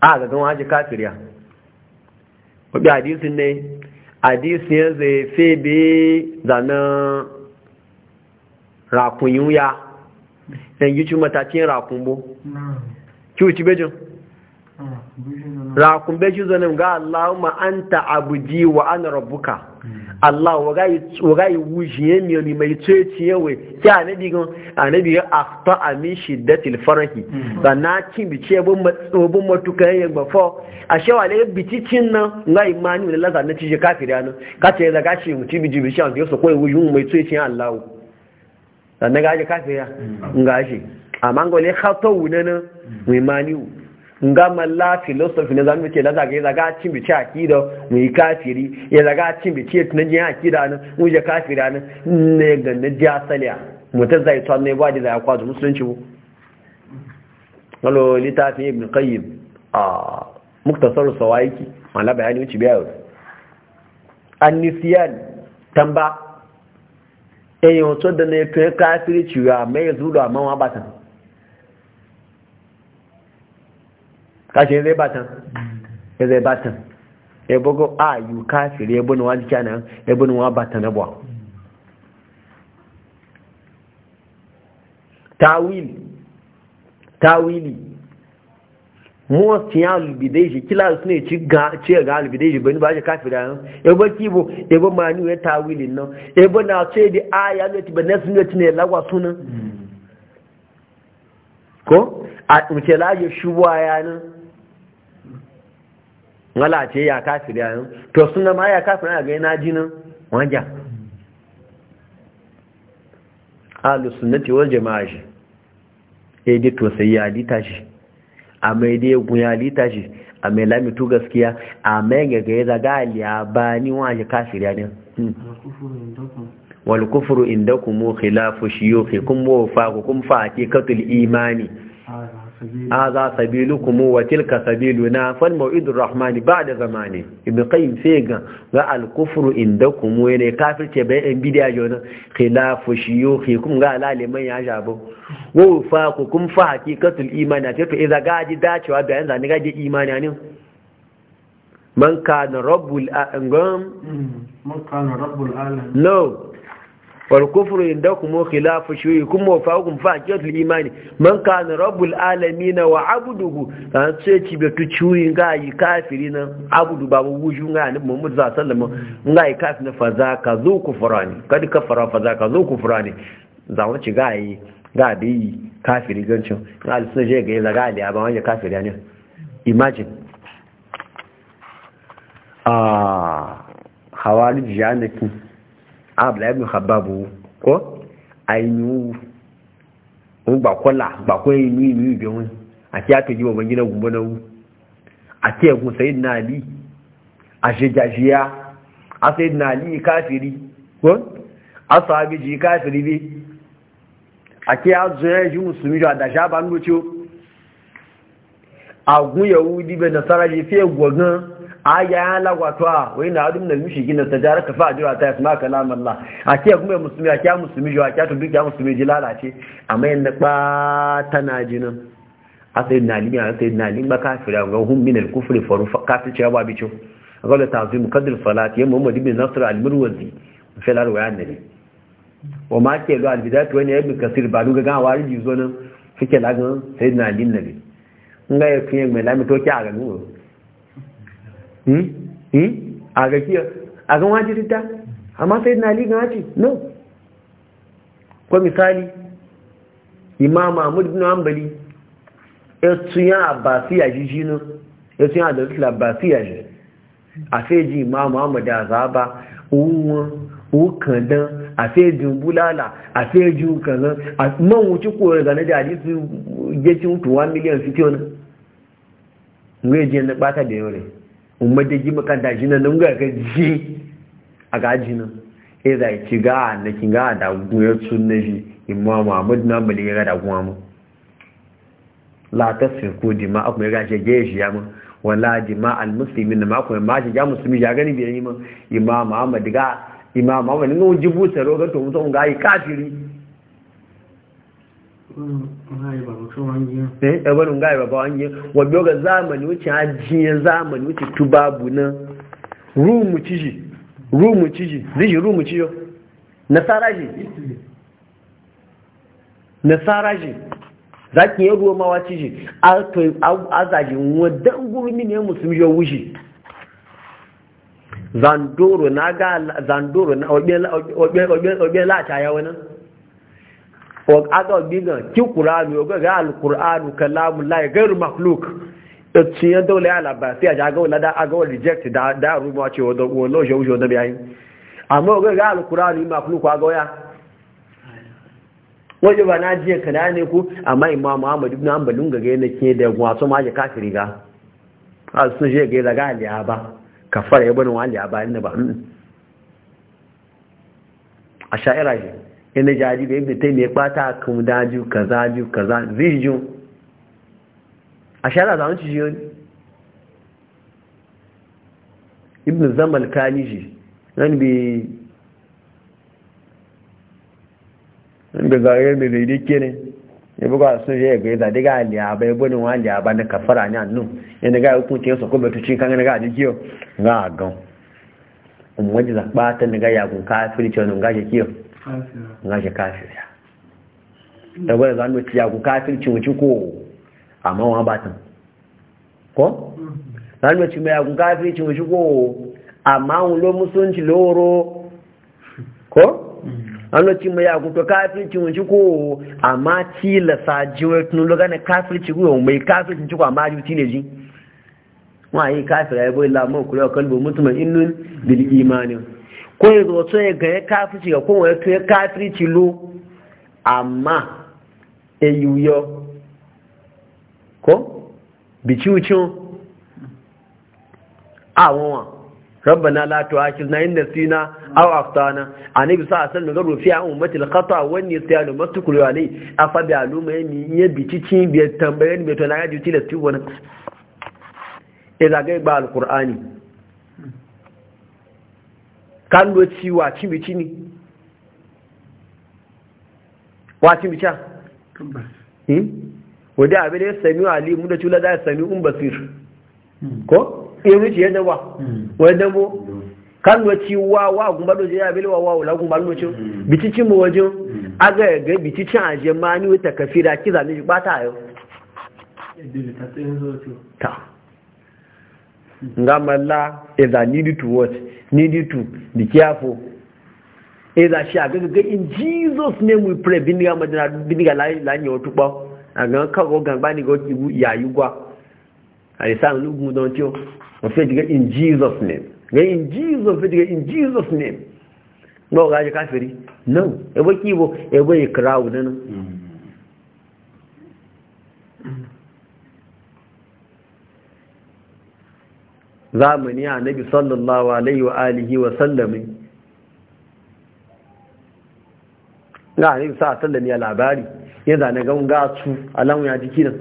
Ah, a gagan waje kafiriya wabi hadisin ne hadisin ya zai febe zanen rakun yuya yan yi cin matacin rakun bo kiwuci bejin ah, rakun bejin zanen ga allahumma anta abuji wa ana rabbuka hmm. Allah wagai wujiye miyoni mai tsoye we ki anabi gan anabi ya afta amin shiddatil farahi mm-hmm. ba na kin bice bin matukan yin gbafo a shewa ne bici cin nan nga imani wani laza na cije kafiri anu ka ce zaga shi mutu bi biji bici an yosa kawai wujin mai tsoye cin Allah sannan ga aje kafiri ya mm-hmm. nga shi amma ga wani khatau na nan mai wu. Mm-hmm. gama malla philosophy na zamu ce laza ga zaga cin a akida mu yi kafiri ya zaga cin bice tunan jin akida nan mu je kafira nan ne ga na ji asaliya mutum zai tsan ne wadi da zai kwazo musulunci bu malo litafin ibn qayyim a muktasar sawaiki mala bayani wuce biya yau annisiyan tamba eyan to da ne to kafiri ciwa mai zuwa mawa batan Kashi zai batan ya zai batan ya bugu ah, a yi kafir ya bunuwa jikiya nan ya bunuwa batan abuwa tawili tawili mọ́sí alùbìdéjì kí láàrín ne ìtí ga alùbìdéjì bẹni bá jẹ káfìdá yán ẹgbẹ́ kí ibò ẹgbẹ́ ma ní ẹta wílì na ẹgbẹ́ náà tó èdè ayá ní ẹtì bẹ̀rẹ̀ sínú ẹtì náà lágbà súnná a àtúnṣe láàyè ṣubú ayá náà ngala ce ya kafiri yayin to suna ma ya kafiri a ga yana jinin wajen ahlus sunnati wal jama'a shi eh dai to sai ya lita shi a mai dai gun ya lita shi a mai lamitu gaskiya a mai gaga ya zaga aliya ba ni wa shi kafiri ya ne hmm. wal kufru indakum khilafu shuyukhikum wa faqukum fa haqiqatul imani Aza hadha sabilukum wa tilka sabiluna fal maw'idur rahman da zamani Ibi kayin sega ga al kufru indakum wa ne kafirce bai en a jona khilafu shuyukhikum ga alaliman ya jabo wa kun fa hakikatul iman ta to idza gaji dacewa bayan zani gaji imani ne man kana rabbul angam man kana rabbul alamin no والكفر عندكم خلاف شيوعكم وفاقكم فاقية الإيمان من كان رب العالمين وعبده سيتي بتشوي غاي كافرين عبد باب وجو غاي محمد صلى الله عليه وسلم غاي كافر فذاك ذو كفراني قد كفر فذاك ذو كفراني زاون شي غاي غادي كافر kafiri قال سنجي je ga ابا gali كافر يعني imagine a hawali jiyanakin abdullahi ibn khababu ko ainihu un ba kwalla ba ko yin yi yi bi wani a ti ato jiwa bangina gumbo na wu a ti egun sayid na ali a shijajiya a sayid na ali kafiri ko a sahabi ji kafiri bi a ti a zuwa ji musulmi jo a da sha ba nuce agun yahudi bai nasara ji fiye gwagan aya ya lagwatuwa wai na adum na mishi gina tajara ka fa jira ta yasma kalam Allah a ce kuma musulmi a kya musulmi jiwa kya to duk ya musulmi ji lalace amma yanda ba na jinin asai na sai asai ba limba kafira ga hum min al-kufri faru kafir ce ba bicho qala ta'zim qadr salat ya muhammad ibn nasr al-murwazi fi al-riwayat nabi wa ma ke ga al-bidayat wani ibn kasir ba lu ga wariji zo nan fike lagan sayyidina ali nabi ngai kiyen mai lami to ki a ga nuru Hmm? Hmm? a ga kiyar a gan waje amma sai na ligan haji no kwa misali imam ahmad bin hanbali etu ya abasiya jiji no etu ya adalci labasiya ji a feji imam ahmad azaba ohun okan dan a feji bulala a feji kanan a man wuce koyar zane da hadisi gecin 1 miliyan fitiyon ne je na bata da yau umar da makanta shi nan ga ka ji a gaji nan eh za ci ga na ki ga da guyar sunnaji imam Muhammad na bali ga da kuma mu la tasfiku dima akwai ya gashi ge shi ya mu wala dima al muslimin ma akwai ma shi ya musulmi ya gani bi ni mu imam Muhammad ga imma Muhammad ne mu jibu taro ga tomuton ga yi kafiri eh ngai ga baba wangi wabiyo ga zamani wuce ajiye zamani wuce tubabu na rumu ciji rumu ciji Ziji rumu ciyo nasara ji nasara ji za ki yi ruwa mawa ciji azajin wadan gurmi ne musulmi yau wuce zandoro na ga zandoro na obe lata ya wani wa aga biga ki qur'ani ga ga al-qur'anu kalamullah ghairu makhluq tsin ya dole ala ba sai ga ga wala da aga reject da da ruwa ce wa da wallo shi wuce da bayi amma ga ga al-qur'ani makhluq aga ya waje ba na jiya kana ne ku amma imam Muhammad ibn Hanbal ga ga yana ke da wasu ma ya kafiri ga al sun je ga daga ba kafara ibn wali aba inda ba a sha'ira ina jaji bai ibn taymiya bata kan daju kaza ju kaza ziju a shara da shi jiyo ibn zamal kaniji nan bi nan bi zare mai daidai kenan ya buga sun je ga yadda daga aliyaba ya bani wa aliyaba na kafara ne annu ya daga hukunce su kuma tuci kan daga jikiyo ga gan umma ji zakbatan daga yagun kafirci wani ga jikiyo za shi kafira ɗabar za mu ciya ku kafirci wuci ko a mawa batan ko? Mm-hmm. za mu ci mai ku kafirci wuci ko a mawun lo musulunci loro ko? Mm-hmm. za mu ci mai ku to kafirci wuci ko a ma tilasa jiwar tunu logana kafirci ku mai kafirci ci ko a ma ne ji wa yi kafira ya bai lamar kula kalbo mutumin innun bil imanin ko ya zo so ya ga ya kafirci ga kuma ya to ya kafirci lo amma e yuyo ko bici wucin awon wa rabbana la tu'akhidna in nasina aw akhtana anabi sa asal ga rufiya ummatil khata wa nisyanu mastukulu alai afa bi aluma yemi ye bicici bi tambayen bi to na ga juti da tubo na idan ga ba alqur'ani kan ci wa ci bici wa wa ci bica hmm? wadda abin ya sami ali mu da cula za a sami un basir hmm. ko eh, iya wuce yadda wa hmm. wadda mu kan ci wa wa gumba je ya abin wa wa wula gumba lo ci bici ci mu wajen aga ya ga bici cin aje ma wata kafira kiza ne ba ta yau ta ngamalla e is a need to watch needed to be careful either shi a gaga in jesus name we pray biniga madina biniga lanyi otu kpọ a gan kawo gangba ni goki yayi gwa a yi don tiyo o fe diga in jesus name ga in jesus fe diga in jesus name ba o gaji kafiri no ebo na. zamani a nabi sallallahu alaihi wa alihi wa sallami ga nabi sa sallami ya labari ya zane ga ga su alamu ya jiki nan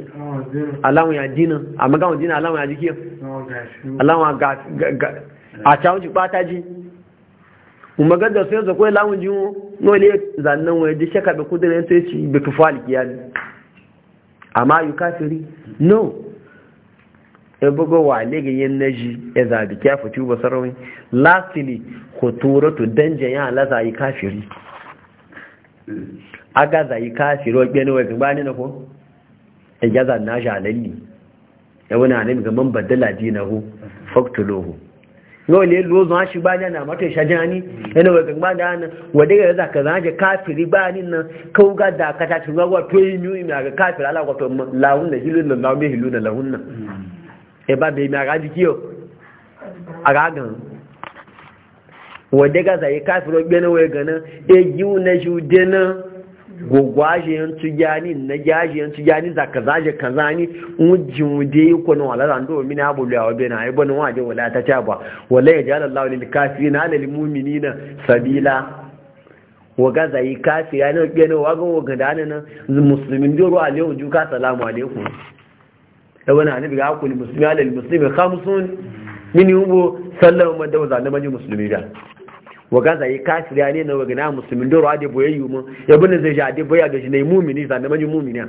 alamu ya dina amma ga dina alamu ya jiki alamu ga a cawon ji bata ji kuma ga da sai zakwai lamun ji no le zannan waye ji shaka be kudirin ya ci bi tufali kiyani amma yu kafiri no ya bugo wa legayen na ji ya zabi kya fito ba sarari lastly hotoratu danje ya laza yi kafiri aga za yi kafiri wakpe na wakpe ba ni na ku? ya gaza na shalalli ya wani alim ga man badala dinahu faktulohu yau ne lozo a shi bani na mata shajani yana wa gangba da nan wanda ya zaka zaje kafiri bani nan kau ga da ka ta tuwa wa to yi mi ga kafiri ala ko to lawun da hilun da lawun da hilun ẹba bèèmì àgájì kí o àgágan wọ̀dẹ́ gaza yìí káfìrọ gbẹ́nàwó ẹgànná èyí unẹ́ṣù dẹ́nà gbogbo ajiyar tujani na jajiyar tujani zakazaje kazani wujin wuje iko na wala zan domin na bulu ya wabe na aibon waje wala ta ta ba wala ya jala Allah lil kafirina lil mu'minina sabila waga kafi ya ne gbe ne waga ga da nan musulmin doro alaihi juka salamu alaikum da wani annabi ga akuli musulmi alal muslimi khamsun min yubo sallallahu man da zalama ji musulmi da wa ga zai kafiri ne na wagana musulmi doro ade boye mu ya bin zai ja ade boya ga shi ne mu'mini zalama ji mu'mini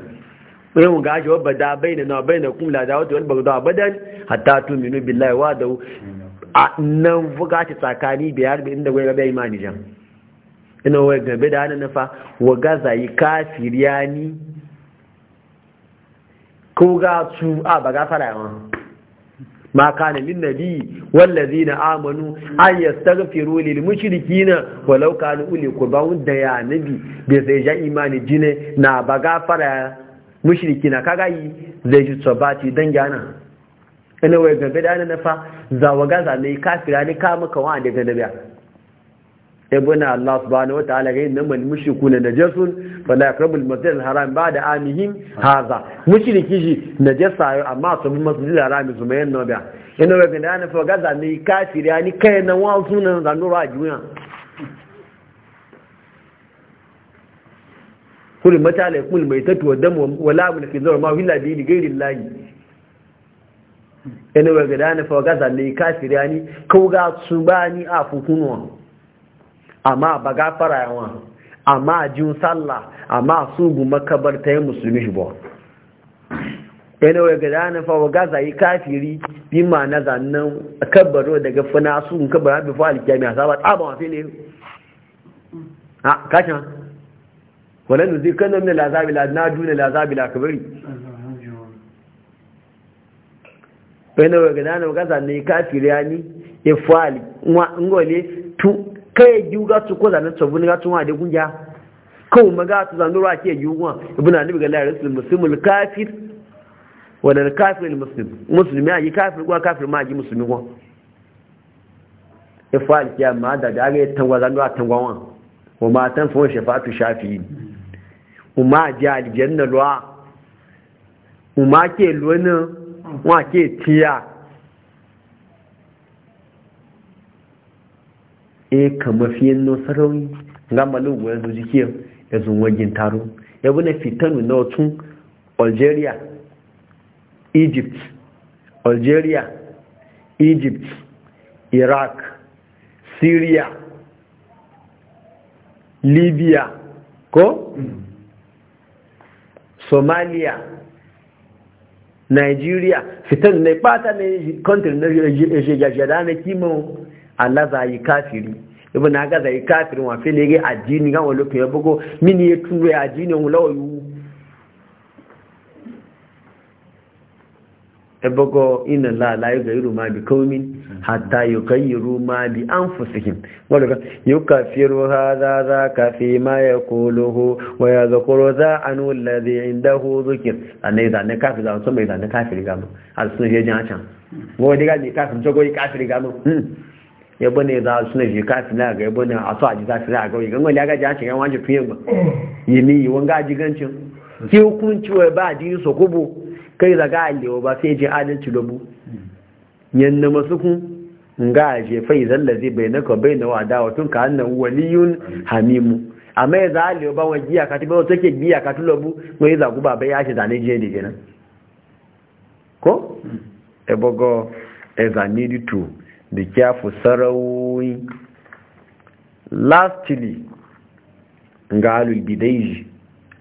sai mu gashi wa bada baina na baina kum la dawatu wal bagda abadan hatta tu'minu billahi wa da nan fuka ta tsakani biyar bi inda gwaiwa bai imani jan ina wai gabe da hannun nafa wa gaza yi kafiriya ni ko ga su a ba fara yawa ma kana min nabi wallazina amanu an yastaghfiru lil mushrikina walau kanu uli qurba wanda ya nabi bai sai ja imani jine na ba ga gafara mushrikina kaga yi zai ji tsabati dan gana ina wai gambe da na fa zawaga za ne kafira ne ka maka wa daga nabiya ibn Allah subhanahu wa ta'ala ga inna man mushrikuna najasun fala yaqrabul masjid al-haram ba'da amihim hadha mushriki ji najasa yo amma su bi masjid al-haram su mai no biya ina ga ganda na fa gaza ni kafiri ani kai na wa sunan da a juya kullu mata la kullu mai tatu dam wala bil khizr ma illa bi ghairi llahi ina ga ganda na fa gaza ni kafiri ani ko ga su bani afukunwa amma ba gafara yawa amma jin sallah amma su gu makabarta ya musulmi shi ba yana wai gada dana fa gaza yi kafiri bi ma na zannan kabbaro daga fina su gun kabbara bi fa alkiyami a saba tsaba wa ne a kashin wannan nuzi kan nan la zabila na duna la kabari yana wai gada dana wa gaza ne kafiri ya ni ifali ngole tu kai giu ga su ko zanen tsofin ga tun wade gunja kawo maga su zanen ruwa ke wa kuma na nubi ga layar rasul muslimul kafir wala kafir ne muslim a ayi kafir kuwa kafir ma yi a ayi muslimi kuma ifal ya ma da da ga tangwa zanen ruwa tangwa wa wa ma tan fa shafatu shafi'i a ji na ruwa umma ke luwana wa ke tiya e kama fiyen no sarari ga malin wani zuji ke ya zun wagin taro ya bi na fitanu na otun algeria egypt algeria egypt iraq syria libya ko somalia nigeria fitanu na ipata na country na shi jajada na kimon Allah za yi kafiri ibn aga za yi kafirin wa fili ga ajini ga wani lokacin bugo mini ya turo ya ajini wani lawayu ebogo inna la la yughayyiru ma bi qaumin hatta yughayyiru ma bi an anfusihim walaga yukaffiru hadha dhaka fi ma yaquluhu wa yadhkuru za anu alladhi indahu dhikr anai yi zane kafir da so mai da ne kafir ga mu al sun je jan can go diga ni kafir to yi kafir ga mu hmm. ya bane za su ne shi kafi na ga ya bane a so a ji za su na ga gangan ya gaji a shiga wani fiye ba yi ni yi wanga ji gancin ki hukunci wai ba ji so kubo kai zaga alewa ba sai ji adalci lobu yanna masu kun nga je fai zallazi bai naka bai na wada watun ka wani yun hamimu amma ya za alewa ba wani giya katiba wata ke giya katilobu mai zagu ba bai ya shi zane je da kenan ko hmm. ebogo ezanidi 2 da kyafu sarawi lastly ga alul bidaiji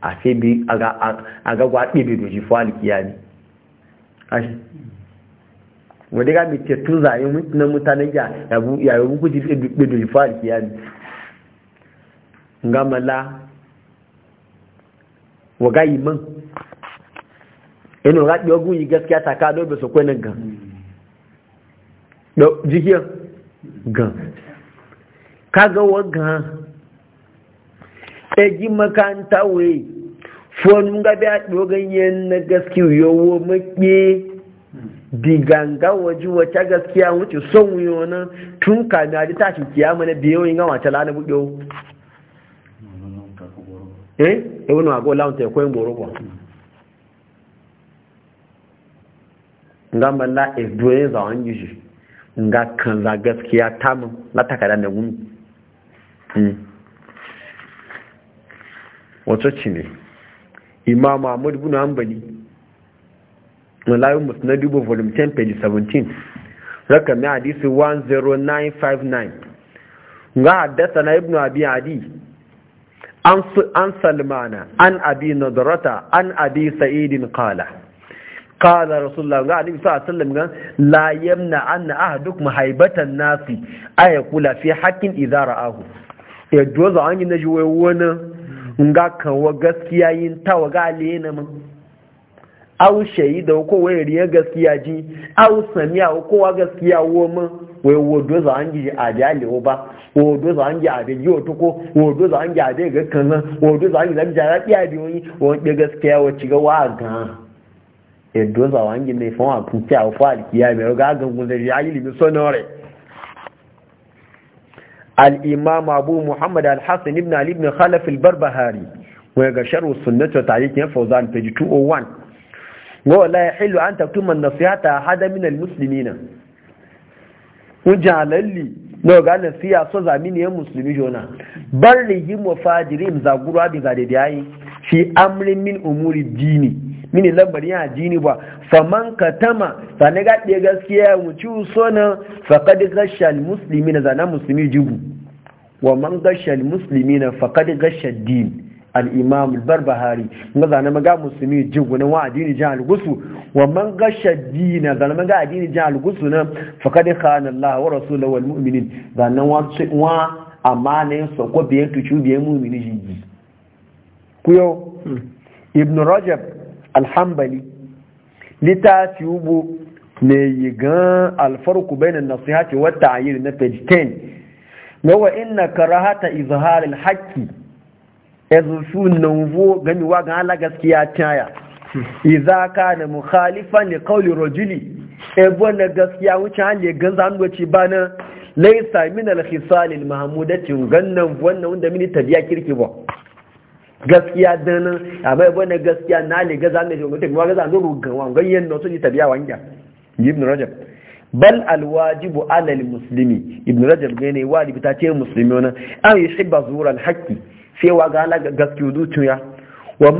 a sai bi a ga gwaɗe bai doji fali kiyami ashi wadda ga bi tetu zayen na mutane ya buku hukuci bai doji fali kiyami nga mala waga man inu raɗi ogun yi gaskiya ta ka lobe su kwanan gan jikiyar gan kagawa gan ɗagi makanta wai fon bi a ɗoganyen na gaske yawo maƙe diganga waje wata gaskiya wuce son wuyo nan tun kami a ta shi kiyama na biyo yin gawa ta lana buɗewo eh ewu na agogo launta ya koyin boro ba ngamba la edoye e za wani gishi nga kan za gaskiya tamu na takada da gumi hmm. wato ci ne imam ahmad ibn hanbali malayin musnadu bu volume 10 page 17 mai hadisi 10959 nga haddasa na ibn abi adi an salmana an abi nadarata an abi sa'idin qala قال رسول الله عليه الصلاه والسلام لا يمنع ان أهدكم هيبة الناس اي يقول في حق اذا راه يجوز عنك نجي وون nga kan gaskiya yin tawa ga gale na mun aw ko wa riya gaskiya ji sami samiya ko wa gaskiya wo mun wa wo do za an ji ajali ba wo do za an ji yo to ko wo do za an ji ga kan wo yi gaskiya wa ci ga edo za wangi ne fún àkúkí àwọ̀fọ́ àlìkíyà mẹ́rọ gágangun lẹ́rí ayílìmí sọ́nà rẹ̀ al'imam abu muhammad al-hassan ibn ali ibn khalafil barbahari wani ga sharu sunnatu tarihi yan fauzan page 201 wa la yahillu an taktuma a hada min al na ujalalli na ga nasiya so zamini yan musulmi jona bar rihim wa fajirim zagura bi ga da yayi fi amrin min umuri dini mini lambar ya jini ba faman ka tama fa ga gaɗe gaskiya ya mu ci sona faƙaɗi gashal musulmi na zana musulmi jibu wa man gashal musulmi na faƙaɗi gashal din al'imam barbahari na zana maga musulmi jibu na wa adini jan algusu wa man gashal na zana maga adini jan algusu na faƙaɗi khana Allah wa rasulahu wal mu'minin zana wa amanin sako biyan tuci biyan mu'mini jiji kuyo hmm. ibn rajab alhambali littafi ubu ne yi gan alfarku bai bainan nasihati wata ayyar na page 10 na wa inna karahata izharin haƙƙi ezusu nanvo gamewa ga ala gaskiya taya iza ka na mukhalifan ne kawli rojili ebuwa na gaskiya wuce an le gan zanuwaci ba na laisa min alhisalin mahamudatin gannan wannan wanda mini tabiya kirki ba gaskiya dana a bai na gaskiya na le gaza ne jongo te gaza zo ga wa na no yi tabiya wanja ibn rajab bal alwajibu alal Musulmi, muslimi ibn rajab ne wa wajibi ta ce muslimi wani an shi ba zuwa alhaki sai wa ga ala gaskiya zuciya wa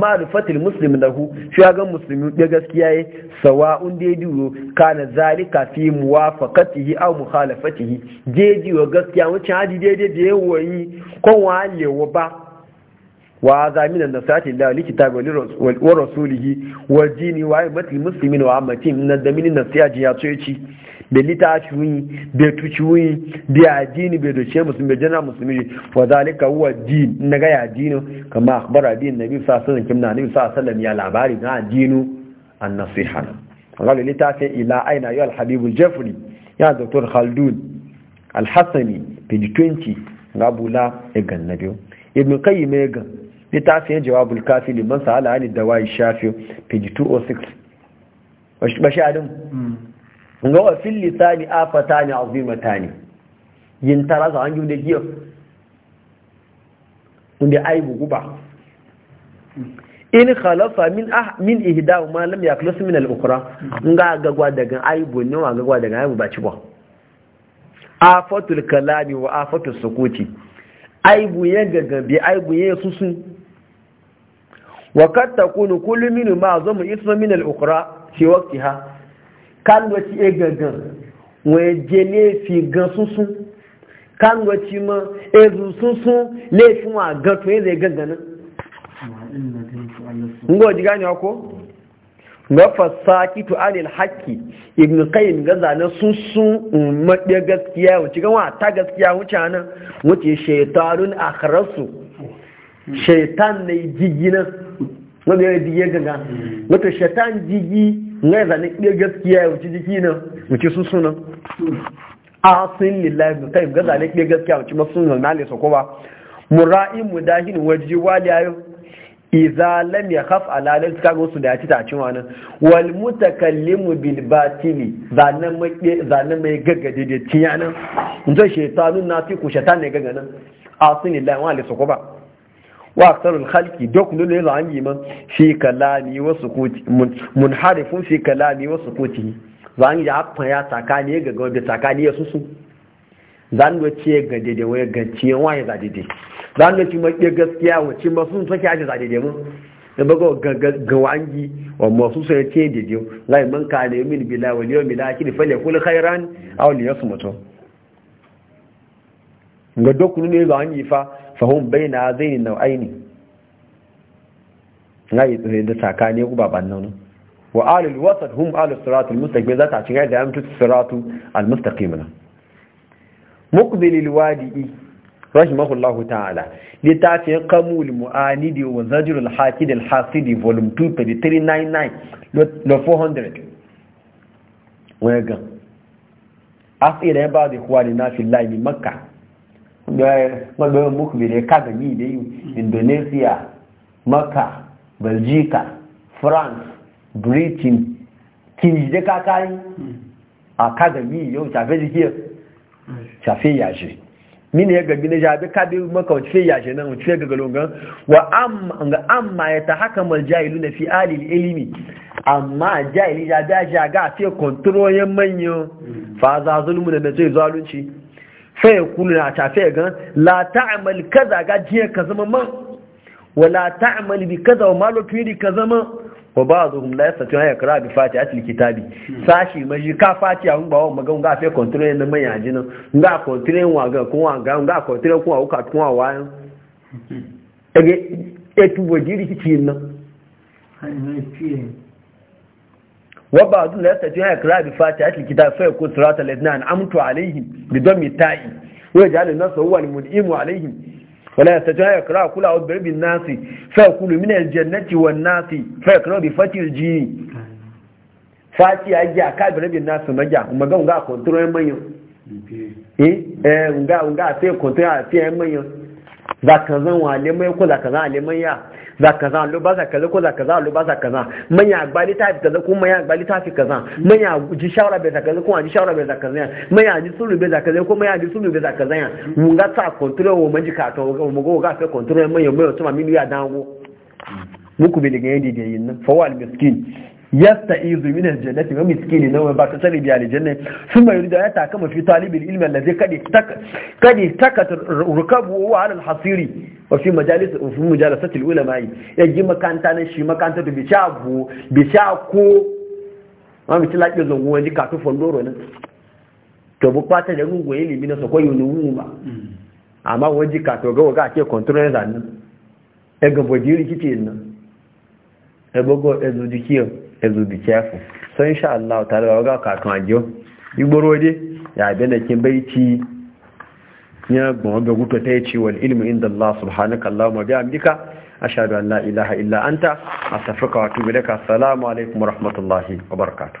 Musulmi da hu shi gan muslimi ya gaskiya yayi sawa'un da yadiyo kana zalika fi muwafaqatihi aw mukhalafatihi jeji wa gaskiya wuce haji daidai da yayi ko wa lewa ba wa zamina na sati da likita wa rasulihi wa jini wa yi matil musulmin wa amatin na damini na siya jiya tsoci da lita wuyi da tuci wuyi da addini bai doce musulmi jana musulmi wa zalika wa jini na ga ya jini kama akabar, din na biyu alaihi wasallam kimna nabi sallallahu alaihi ya labari na addinu A nasiha qala litafi ila aina ya alhabibu jeffrey ya doktor khaldun alhassani hasani page 20 ngabula egan nabiyo ibn qayyim e gan. littafin jawabul kafi liman sa'ala da dawai shafi page 206 bashi adin hmm. ga wa fil lisani afatani azimatani yin taraza an yude giyo inda Bugu ba? in khalafa min ah min ihda ma lam yaklus min al-ukhra nga gagwa daga aibu ne wa gagwa daga aibu ba ci ba afatul kalami wa afatus sukuti aibu ya gagabe aibu ya susun wa kad takunu kullu min ma mu isa min al-ukhra fi waqtiha kan wati e gangan we jele fi gan sunsun kan wati ma e sunsun le fun wa gan to e gangan ngo ji ni ko na fasaki to anil haqqi ibn qayyim gaza na sunsun umma gaskiya wuce gan wa ta gaskiya wuce nan wuce shaytanun akhrasu shaitan na yi jigi na wanda ya jigi ya gaga hmm. wata shaitan jigi na na ɗaya gaskiya ya wuce jiki na wuce sun suna asin lillahi da taif gaza na ɗaya gaskiya wuce masu suna na lesa ko ba mura'in mudahin waje wali ayo iza lam ya khaf ala lal ka go su da ci ta cin wani wal mutakallimu bil batili zanan mai zanan mai gaggade da tiyanan in ce shaytanun nafiku shaytan ne gagganan sun lillahi wa lesa ko ba wa aksarul khalqi duk ne la an yi man fi kalami wa sukuti munharifun fi kalami wa sukuti zan ya fa ya taka tsakani ga ga da tsakani ya susu zan do ce ga dede waya ga ce waya za dede zan do ci ma ke gaskiya wa ci ma sun saki aje za dede mun da bago ga ga wangi wa masu sai ce dede lai man ka ne min bila wa yawmi la akil fa yakul khairan aw liyasmutu ga duk ne zan yi fa fahim bai na zai nau'ai ne na yi tsohon da tsakani ku baban nan wa alil wasat hum alul siratul mustaqim za ta cinga da amtu al almustaqim na muqbilil wadi rahimahullahu ta'ala litafin qamul mu'anidi wa zajrul hakid al hasidi volume 2 page 399 no 400 wega ya ba da ne na fi ne makka wadda muku bere kaga yi da yi indonesia maka belgica france britain da kakari a kaga yi yau shafe jikiyar shafe yashe mini ya gabi na jabi kabi maka wacce fe yashe nan wacce ga galongan wa amma ya ta haka mal jahilu na fi alil ilimi amma jahili jabi a shaga a fiye kontrolin manyan fa za zulmu da na ce zalunci faya kulu na ta faya gan la ta'amal kaza ga jiya ka zama man wa la bi kaza wa malo ka zama wa ba'dhum la yastati'u an yaqra bi fatihati alkitabi sashi maji ka fatiha hun bawo maga ga fe control na mai yaji nan ga control wa ga kun wa ga ga control kun wa ka kun wa wa ege etu wajiri kici nan wabba wadun da ya sa tuhaya kira bi fati a cikin kitab fayar ko tsirata lezina an amtu alaihim bi don mai ta'i wai jihar nan sa huwa ne mu imu alaihim wala ya sa tuhaya kira kula wa birbin nasi fayar kulu min aljannati wa nasi fayar kira bi fati jini fati ya gya ka birbin nasi magya kuma ga unga kontrol yan manyan eh, eh unga unga sai kontrol yan manyan zakazan wa lemayan ko zakazan alemanya za kaza lo ba za kaza ko za kaza lo ba za kaza manya agbali ta fi kaza ko manya agbali ta fi kaza manya ji shawara be za kaza ko ji shawara be za kaza manya ji sulu be za kaza ko manya ji sulu be za kaza mun ga ta control wo manji ka to mu go ga fe control manya mai to ma miliya dango muku bi daga yadi de yin nan fawal miskin Yasta yasta'izu min aljannati wa miskini nawa ba ta sani biya aljanna sun mai rida ya takama fi talibin ilmi allazi kadi tak kadi takat rukabu wa ala alhasiri wa fi majalis fi majalasati ulama ya ji makanta na shi makanta da bicha bu bicha ko ma bi tila ke zongo wani ka to fondoro ne to bu kwata da rungo ilimi na sokoi ne wuma amma waji ka to ga ga ke control zan ne ga bodiri kitin nan ebogo ezudikiyar yanzu bi careful so insha Allah ta da ga kakan ajo igboro de ya be da kin baiti ya gbon ga guto ta yace wal ilmu inda Allah subhanaka Ma bi amdika ashhadu an la ilaha illa anta astaghfiruka wa atubu ilaik assalamu alaikum wa rahmatullahi wa barakatuh